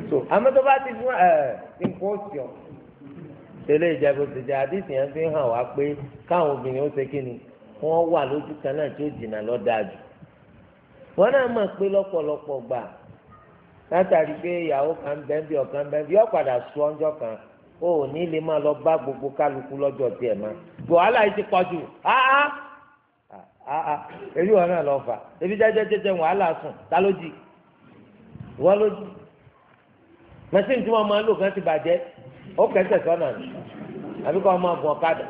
so àmọ́ tó bá ti fún ẹ̀ nǹkan ọ̀sìn ọ̀ tẹ́lẹ̀ ìjẹ́bù ti àdìsí yẹn fi hàn wá pé káwọn obìnrin ó ṣe kí ni wọ́n wà lójú kan náà tí ó jìnnà lọ́dáàjù wọ́n náà mọ̀ pé lọ́pọ̀lọpọ̀ gbà látàrí pé ìyàwó kan bẹ́ńbí ọ̀kan bẹ́ńbí ọ̀padà sọ ọjọ́ kan ó ní lè máa lọ bá gbogbo kálukú lọ́jọ́ tiẹ̀ mọ́ wàhálà yìí ti pọ̀jù áá áá èyí wọn náà lọ fà ebi jẹ́jẹ́jẹ́jẹ́ wàhálà sùn tá ló jì wọ́n ló mẹsìn tí wọn máa ń lò kan ti bàjẹ́ ó kẹsẹ̀ sọ́nà ni àbí kọ́ máa gun ọ̀kadà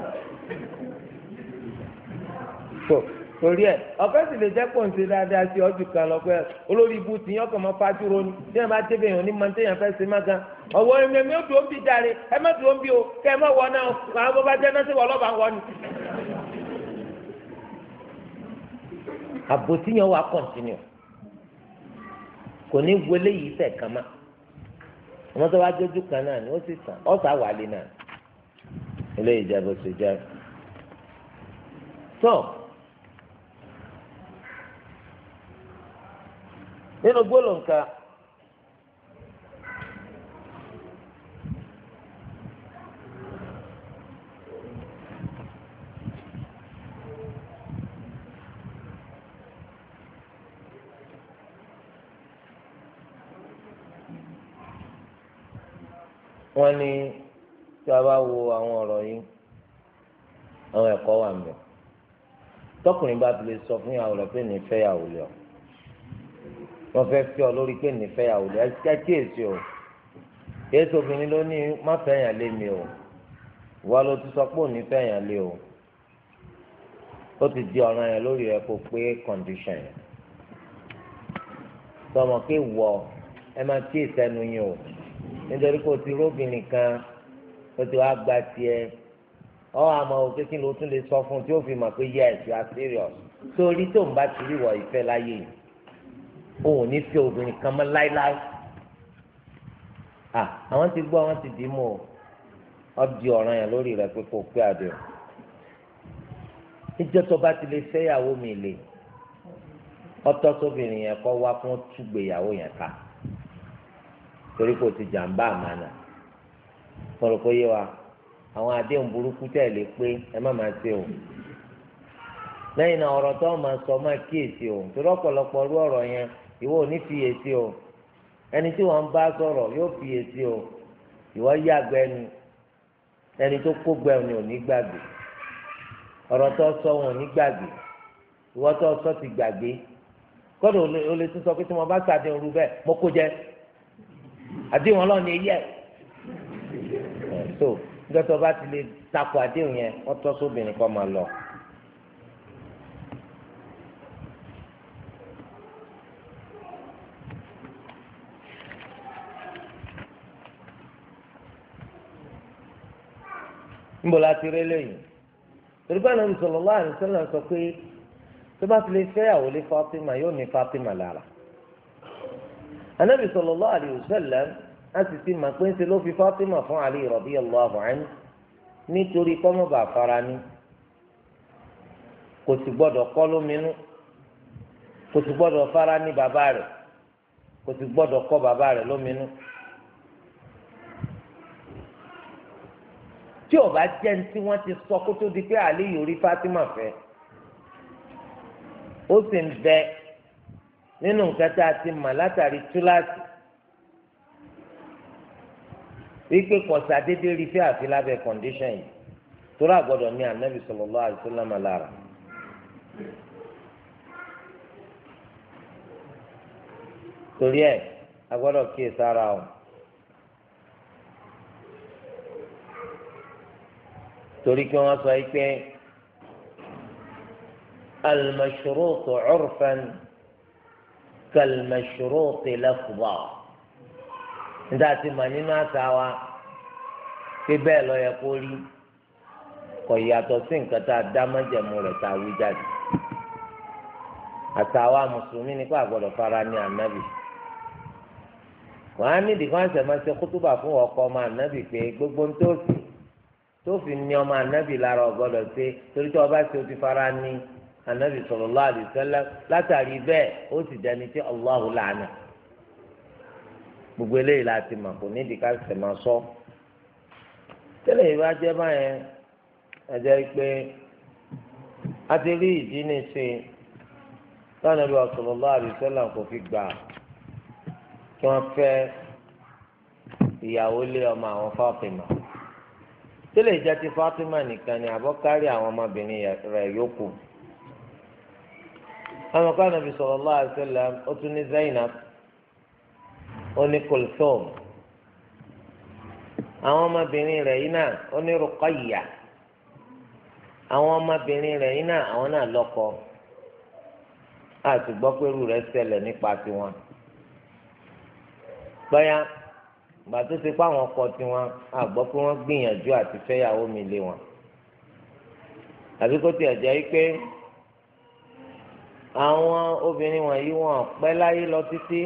tó torí ẹ ọ̀fẹ́ sì lè jẹ́ pọ̀nsẹ̀ dáadáa sí ọdún kan lọ pé olórí ibu tí yọkàn máa fájú ronú tí wọn bá débẹ̀ yàn ní mọ̀tẹ́yàn fẹ́ ṣe má gan ọ̀wọ́ ẹ̀mí mi ò dùn ó ń bi ẹ má dùn ó ń o kẹ ẹ má wọ náà àwọn bó bá jẹ́ náà sí wọ́n lọ́ba wọ́n ni. àbòsí yẹn wà kọ̀ǹtínú kò ní wọlé yìí sẹ̀ kàn ọmọ tó bá jójú kan náà ni ó sì tàn ọ̀sà wàlé náà ilé ìjẹ́bù sì jẹ́ tó nínú gbólóǹkà. wọ́n ní tí a bá wo àwọn ọ̀rọ̀ yìí àwọn ẹ̀kọ́ wà mí tọkùnrin bá ti lè sọ fún ìyàwó rẹ̀ pé nífẹ̀yàwó lẹ̀ wọ́n fẹ́ fi ọ lórí pé nífẹ̀yàwó lẹ̀ ẹ kíyèsí o yéésù obìnrin ló ní má fẹ̀yàn lé mi o wà ló ti sọ pé ò ní fẹ̀yàn lé o ó ti di ọ̀ràn yẹn lórí rẹ̀ kó pé condition yẹn tọmọ pé wọ ẹ máa kíyèsí ẹnu yín o nítorí kó o ti róbìnrin kan o ti wá gba tiẹ̀ ọ àmọ́ òkè kí ló tún lè sọ fún un tí ó fi mọ̀ pé yes you are serious torí tó ń bá ti rí wọ ìfẹ́ láyé yìí òun ní fi obìnrin kan mọ́ láéláé à àwọn ti gbọ́ àwọn ti dì í mú o ọ di ọ̀ràn yẹn lórí rẹ pé kò pé àdéhùn níjọ́ tó bá ti lè fẹ́yàwó mi lè ọtọ́ sóbìnrin yẹn kọ́ wá fún túgbéyàwó yẹn ká. torí kò ti jàǹbá àmàna fọlọ́ yé wa àwọn àdéhùn burúkú tẹ̀lé pé ẹ má máa ṣe o lẹ́yìn náà ọ̀rọ̀ tó máa sọ máa o torí ọ̀pọ̀lọpọ̀ irú ọ̀rọ̀ yẹn ìwọ ò ní fiyèsí o ẹni tí wọ́n bá sọ̀rọ̀ yóò fiyèsí o ìwọ yàgbẹ́ ni ẹni tó kó gbẹ ni ò ní gbàgbé ọ̀rọ̀ tó sọ wọn ò ní gbàgbé sọ ti gbàgbé kọ́dọ̀ o lè sọ pé tí wọ́n bá sàdéhùn rú àdéhùn ọlọ́run yẹ yẹ so gbẹ́tọ̀ bá ti lè takò àdéhùn yẹn wọ́n tọ́ sóbìnrin kọ́ máa lọ. níbo la ti rí na torípé Ànábì sallallahu alaihi wasallam sọ pé tó bá ti lè fẹ́ àwòlé Fatima yóò ní Fatima lára sọlọ a sì ti mà pé ńṣe ló fi Fatima fún Ali radiyallahu anhu nítorí kọ́mọ́bà fara ní kò sì gbọ́dọ̀ kọ́ lóminú kò sì gbọ́dọ̀ fara ní bàbá rẹ̀ kò sì gbọ́dọ̀ kọ́ bàbá rẹ̀ lóminú. tí ò bá jẹ́ ní tí wọ́n ti sọ kó tó di pé Ali yóò rí fẹ́ ó sì ń bẹ nínú nǹkan tá a ti mà látàrí túláàsì wípé kọ̀sà dédé rí fẹ́ àfi lábẹ́ kọ̀ǹdíṣàn yìí torí àgbọ̀dọ̀ ní ànábì sallallahu alaihi wasallam lára. torí ẹ agbọ́dọ̀ kíyè sára o torí kí wọ́n sọ yìí pé al-mashrutu urfan níta ti mà nínú àṣà wa pé bẹ́ẹ̀ lọ yẹ kó rí kò yàtọ̀ sí nǹkan tá a dá májẹ̀mú rẹ̀ tá a wí jáde àṣà wa mùsùlùmí ni kó àgbọ̀dọ̀ fara ní ànábì wọn á ní ìdíkan àṣẹ máa ṣe kútúbà fún ọkọ ọmọ ànábì pé gbogbo tó sì tó fi ní ọmọ ànábì lára ọgbọ́dọ̀ ṣe torí tí ọba ṣe o ti fara ní ànábì sallallahu alaihi wasallam látàrí bẹ́ẹ̀ ó sì dẹni tí Allahu làánà gbogbo eléyìí láti mà kò nídìí ká sì máa sọ tẹ́lẹ̀ ìbá jẹ́ báyẹn ẹ jẹ́ pé a ti rí ìdí nísìn lọ́nà bí sallallahu alaihi wasallam kò fi gbà kí wọ́n fẹ́ ìyàwó lé ọmọ àwọn Fátímà tẹ́lẹ̀ ìjà ti Fátímà nìkan ni àbọ̀kárí àwọn ọmọbìnrin rẹ̀ yòókù àwọn kan Ànábì sallallahu alaihi wasallam ó tún ní Zainab. ó ní Kulthum àwọn ọmọbìnrin rẹ̀ yìí náà ó ní Ruqayya àwọn ọmọbìnrin rẹ̀ yìí náà àwọn náà lọ́kọ àti gbọ́ pé irú nípa tiwọn gbọ́yà gbà tó ti pa àwọn ọkọ tiwọn àgbọ́ pé wọ́n gbìyànjú àti fẹ́yàwó mi lé wọn àbí kó tiẹ̀ jẹ́ pé àwọn obìnrin wọ̀nyí wọn pẹ́ láyé lọ títí.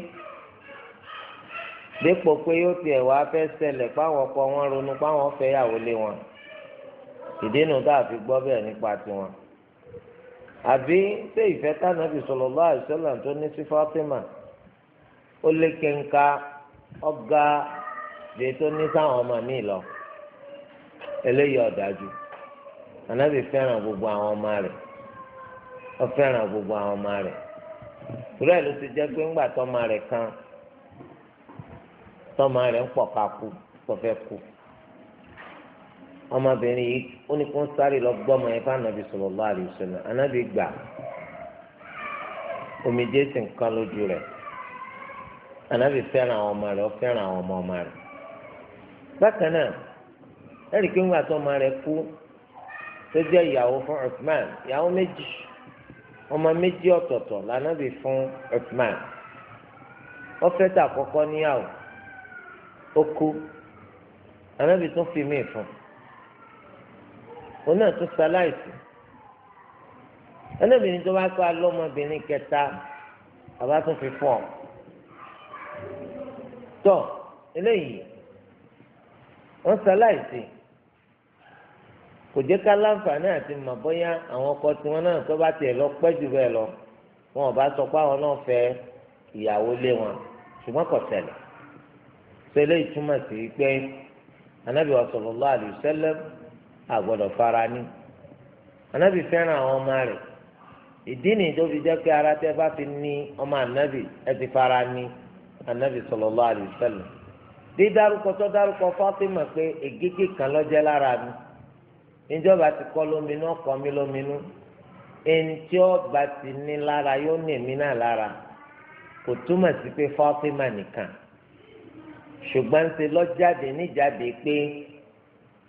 dépò pé yóò tiẹ̀ wá fẹ́ ṣẹlẹ̀ páwọn ọkọ wọn ronú páwọn fẹ́ yàwó lé wọn ìdínú tá a fi gbọ́ bẹ́ẹ̀ nípa tiwọn. àbí ṣé ìfẹ́ tánàbì sallallahu alaihi wasallam tó ní sí Fátímà ó lé ọ̀gá de tó ní sáwọn ọmọ mi lọ eléyìí ọ̀dájú ànábì fẹ́ràn gbogbo àwọn ọmọ rẹ̀ fẹ́ràn gbogbo àwọn ọmọ rẹ̀ ìrẹ́ ló ti jẹ́ pé ńgbà tọ́ kan. tọ́mọ rẹ̀ ń pọ̀ ká kú pọ̀ fẹ́ ọmọbìnrin yìí ó ní kó ń sáré lọ gbọ́mọ yẹn anabi sallallahu anabi gbà omijé sì ń kán lójú rẹ̀ anabi fẹ́ràn àwọn ọmọ rẹ̀ ó fẹ́ràn àwọn ọmọ ọmọ rẹ̀ bákan náà ẹ̀rì kí ń gbà rẹ̀ kú tó jẹ́ ìyàwó fún ìyàwó méjì ó kú ànábì tún fi míì fún òun náà tún ṣaláìsí ànábì ní tó bá kó alọ́mọbìnrin kẹta bàbá tún fi fún ọ tọ eléyìí wọ́n ṣaláìsí kò jẹ́ ká láǹfààní àti mọ̀ bóyá àwọn ọkọ tiwọn náà tó bá tiẹ̀ lọ pẹ́ jù bẹ́ẹ̀ lọ wọn ò bá sọ pé àwọn náà fẹ́ ìyàwó lé wọn ṣùgbọ́n kò ṣẹlẹ̀ tẹ́lẹ̀ ìtumọ̀ sí pé anabi wa sallallahu alaihi wasallam fara ní anabi fẹ́ràn àwọn ọmọ rẹ̀ ìdí nìyí tó fi jẹ́ pé ara tẹ́ bá ti ní ọmọ anábì ẹ ti fara ní anábì sallallahu alaihi wasallam dídárúkọ tó dárúkọ Fátímà pé ègégé kan lọ́jẹ́ lára mi níjọba ti kọ́ lóminú ọkọ mi lóminú ẹni tí ọba ti ní lára yóò ní èmi náà lára kò túmọ̀ sí pé nìkan. ṣùgbọ́n ṣe lọ́jáde níjáde pé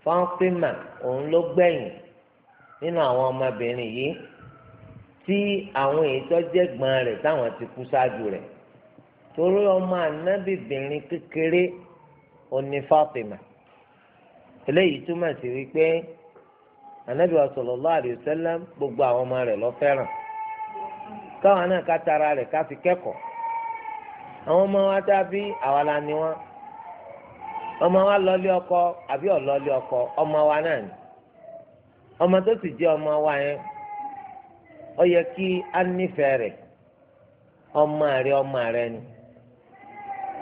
fọ́nfìmà òun ló gbẹ̀yìn nínú àwọn ọmọbìnrin yìí tí àwọn ìtọ́jẹ́gbọ́n rẹ̀ táwọn ti kú ṣáájú rẹ̀ torí ọmọ ànábìbìnrin kékeré òní Fátímà eléyìí túmọ̀ sí wípé ànábì sallallahu alaihi wasallam gbogbo àwọn ọmọ rẹ̀ ló fẹ́ràn káwọn náà ká tara rẹ̀ ká fi kẹ́kọ̀ọ́ àwọn ọmọ wa dàbí àwa la ni wọn ọmọ wa lọlé ọkọ àbí ọlọlé ọkọ ọmọ wa náà ni ọmọ tó sì jẹ́ ọmọ wa yẹn ó yẹ kí a nífẹ̀ẹ́ rẹ̀ ọmọ rẹ̀ ọmọ rẹ̀ ni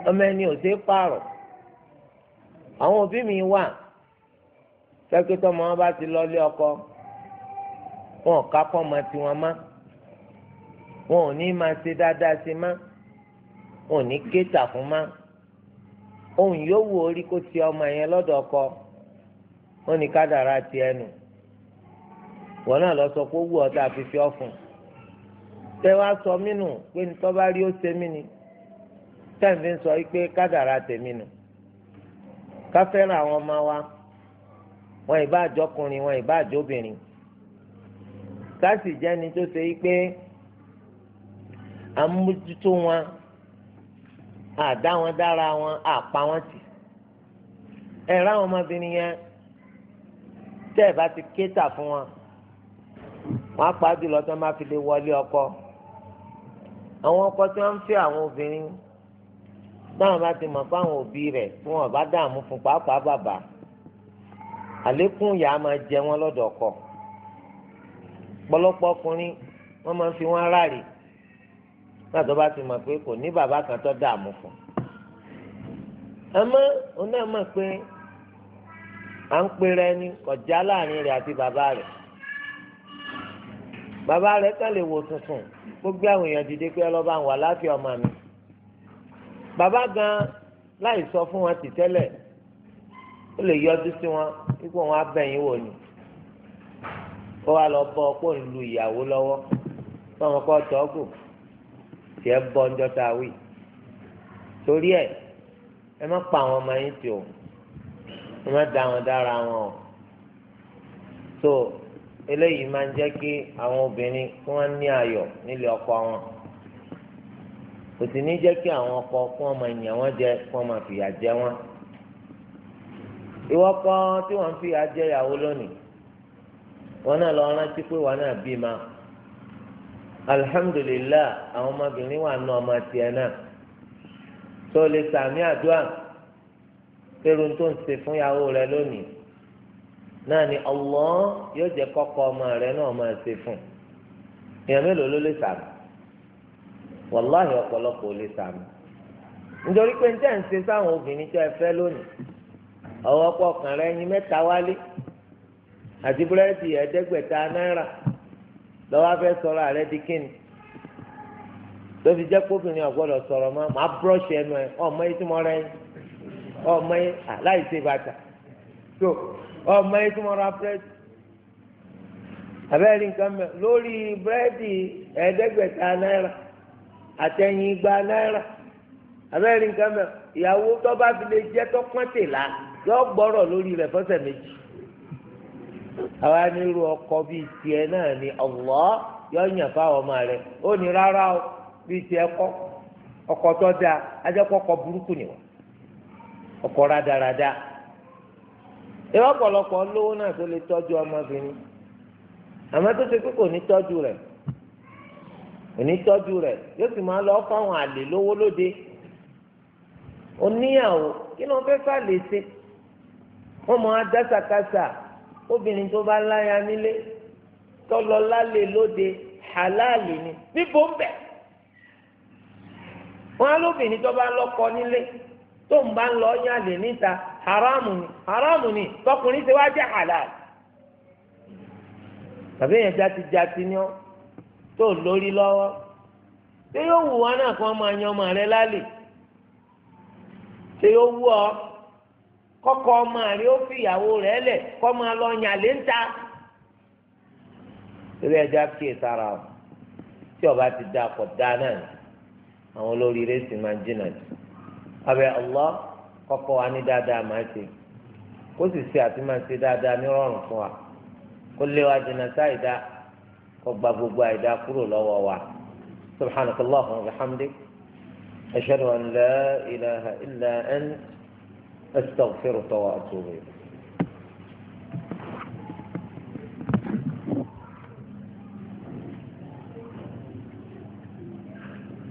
ọmọ ẹni ò sí pààrọ̀ àwọn òbí mi wà sẹ́kítọ́ ọmọ wọn bá ti lọlé ọkọ wọn ò ká pọ́ ọmọ tiwọn má wọn ò ní máa ṣe dáadáa sí má wọn ò ní kéta fún má ohun yóò wù orí kó ti ọmọ yẹn lọ́dọ̀ ọkọ wọn ni kádàrá ti ẹnu wọn náà lọ sọ pé ó wù ọ́ tá a fi fi ọ́ fún un tẹ wá sọ mí pé nítọ́ bá rí ó ṣe mí ni tẹ́ǹfì ń sọ pé kádàrá tèmi nù ká àwọn ọmọ wa wọn ìbá àjọkùnrin wọn ìbá àjọbìnrin ká sì jẹ́ni tó ṣe pé àmójútó wọn àdá wọn dára wọn àpá wọn tì ẹ̀rọ àwọn ọmọbìnrin yẹn tẹ́ ẹ̀ bá ti kéta fún wọn wọn apá jùlọ tí wọn bá fi lè wọlé ọkọ àwọn ọkọ tí wọn ń fẹ́ àwọn obìnrin táwọn bá ti mọ̀ fáwọn òbí rẹ̀ tí wọn bá dààmú fún pàápàá bàbá àlékún ìyá máa jẹ wọn lọ́dọ̀ ọkọ pọ̀lọpọ̀ ọkùnrin wọn máa ń fi wọn ráàlì náà tó bá ti mọ̀ pé kò ní bàbá kan tó dààmú fún àmọ́ òun náà mọ̀ pé à ń pera ẹni kọjá láàrin rẹ̀ àti bàbá rẹ̀ bàbá rẹ̀ kàn lè wò tuntun kó gbé àwọn èèyàn dìde pé ọlọ́ba ń wà láfíà ọmọ mi bàbá gan láì sọ fún wọn ti tẹ́lẹ̀ ó lè yọjú sí wọn wípé wọn á bẹ̀yìn wò ni ó wá lọ bọ́ ọ pé òun lu ìyàwó lọ́wọ́ tọmọkọ tọ́gùn tiẹ̀ bọ́ ọjọ́ tá a wí torí ẹ̀ ẹ má pa àwọn ọmọ yín tì o ẹ má da àwọn dára wọn o so eléyìí máa ń jẹ́ kí àwọn obìnrin kí wọ́n ní ayọ̀ nílé ọkọ wọn kò sì ní jẹ́ kí àwọn ọkọ kí wọ́n máa yàn wọ́n jẹ kí wọ́n máa fìyà jẹ wọ́n ìwọ kọ́ tí wọ́n ń fìyà jẹ ìyàwó lónìí wọn náà lọ rántí pé wọn náà bí ma. alhamdulilayi àwọn ọmọbìnrin wà nù ọmọ tiẹ̀ náà tó lè sàmì àdúrà pẹ̀lú tó ń fún ìyàwó rẹ lónìí náà ni Allah yóò jẹ́ kọ́kọ́ ọmọ rẹ náà máa ṣe fún èèyàn mélòó ló lè sàmì wàláhì ọ̀pọ̀lọpọ̀ lè sàmì nítorí pé njẹ́ ń ṣe sáwọn obìnrin tó ẹ fẹ́ lónìí ọ̀wọ́ pọ̀ kàn rẹ ẹyin mẹ́ta wálé àti búrẹ́dì ẹ̀ẹ́dẹ́gbẹ̀ta náírà lọ́wọ́ afẹ́ sọ̀rọ̀ ààrẹ di kíni tó fi jẹ́ kóbìnrin ọ̀gbọ́dọ̀ sọ̀rọ̀ mọ́ màá búrọ́ọ̀ṣì ẹnu ẹ ọmọ yìí tí mo rẹ ọmọ yìí láì ṣe bàtà tó ọmọ yìí tí mo ra búrẹ́dì abẹ́rẹ́ nǹkan mẹ́ lórí búrẹ́dì ẹ̀ẹ́dẹ́gbẹ̀ta náírà àtẹ̀yìn igba náírà abẹ́rẹ́ nǹkan mẹ́ ìyàwó tó bá fi lè jẹ́ tó pọ́n tè la yọ gbọ́rọ̀ lórí rẹ̀ fọ́sẹ̀ méjì àwa nílùú ọkọ bíi tiẹ̀ náà ni Allah yọ̀ọ̀yàn fáwọn ọmọ rẹ̀ ó ní rárá o bíi tiẹ̀ ọkọ tó dáa ọkọ burúkú ni ọkọ rádaràda ìwọ ọ̀pọ̀lọpọ̀ lówó náà tó lè tọ́jú ọmọbìnrin àmọ́ tó ṣe pé kò ní tọ́jú rẹ̀ kò ní tọ́jú rẹ̀ yóò sì máa lọ fáwọn àlè lówó lóde oníyàwó kí ni fà lè ṣe obìnrin tó bá láya nílé tọlọ lálẹ́ lóde halali ni níbo ń bẹ wọn alóbìnrin tó bá lọ́kọ nílé tó ń bá ń lọ yàlè níta haramu ni haramu ni tọkùnrin ti wá jẹ halal tàbí èèyàn jatijati ni ọ tó lórí lọ́wọ́ ṣé yóò wù wọn náà kí wọn máa rẹ lálẹ́ ṣé yóò wù ọ kọ́kọ́ ọmọ rẹ̀ ó fi ìyàwó rẹ̀ lẹ̀ kọ́ máa lọ yàn lé ń ta. eré ẹja kíyè sára o tí ọba ti da pọ̀ da náà àwọn olórí rẹ̀ sì máa jìnnà jù abẹ́ Allah kọ́kọ́ wa ní dáadáa máa ṣe kó sì ṣe àti máa ṣe dáadáa ní rọrùn fún wa kó lé wa jìnnà sáì dáa. ọgbà gbogbo àìdá kúrò lọ́wọ́ wa subhanahu wa ta'ala wa bihamdi ashhadu an la ilaha illa anta. أستغفرك وأتوب إليك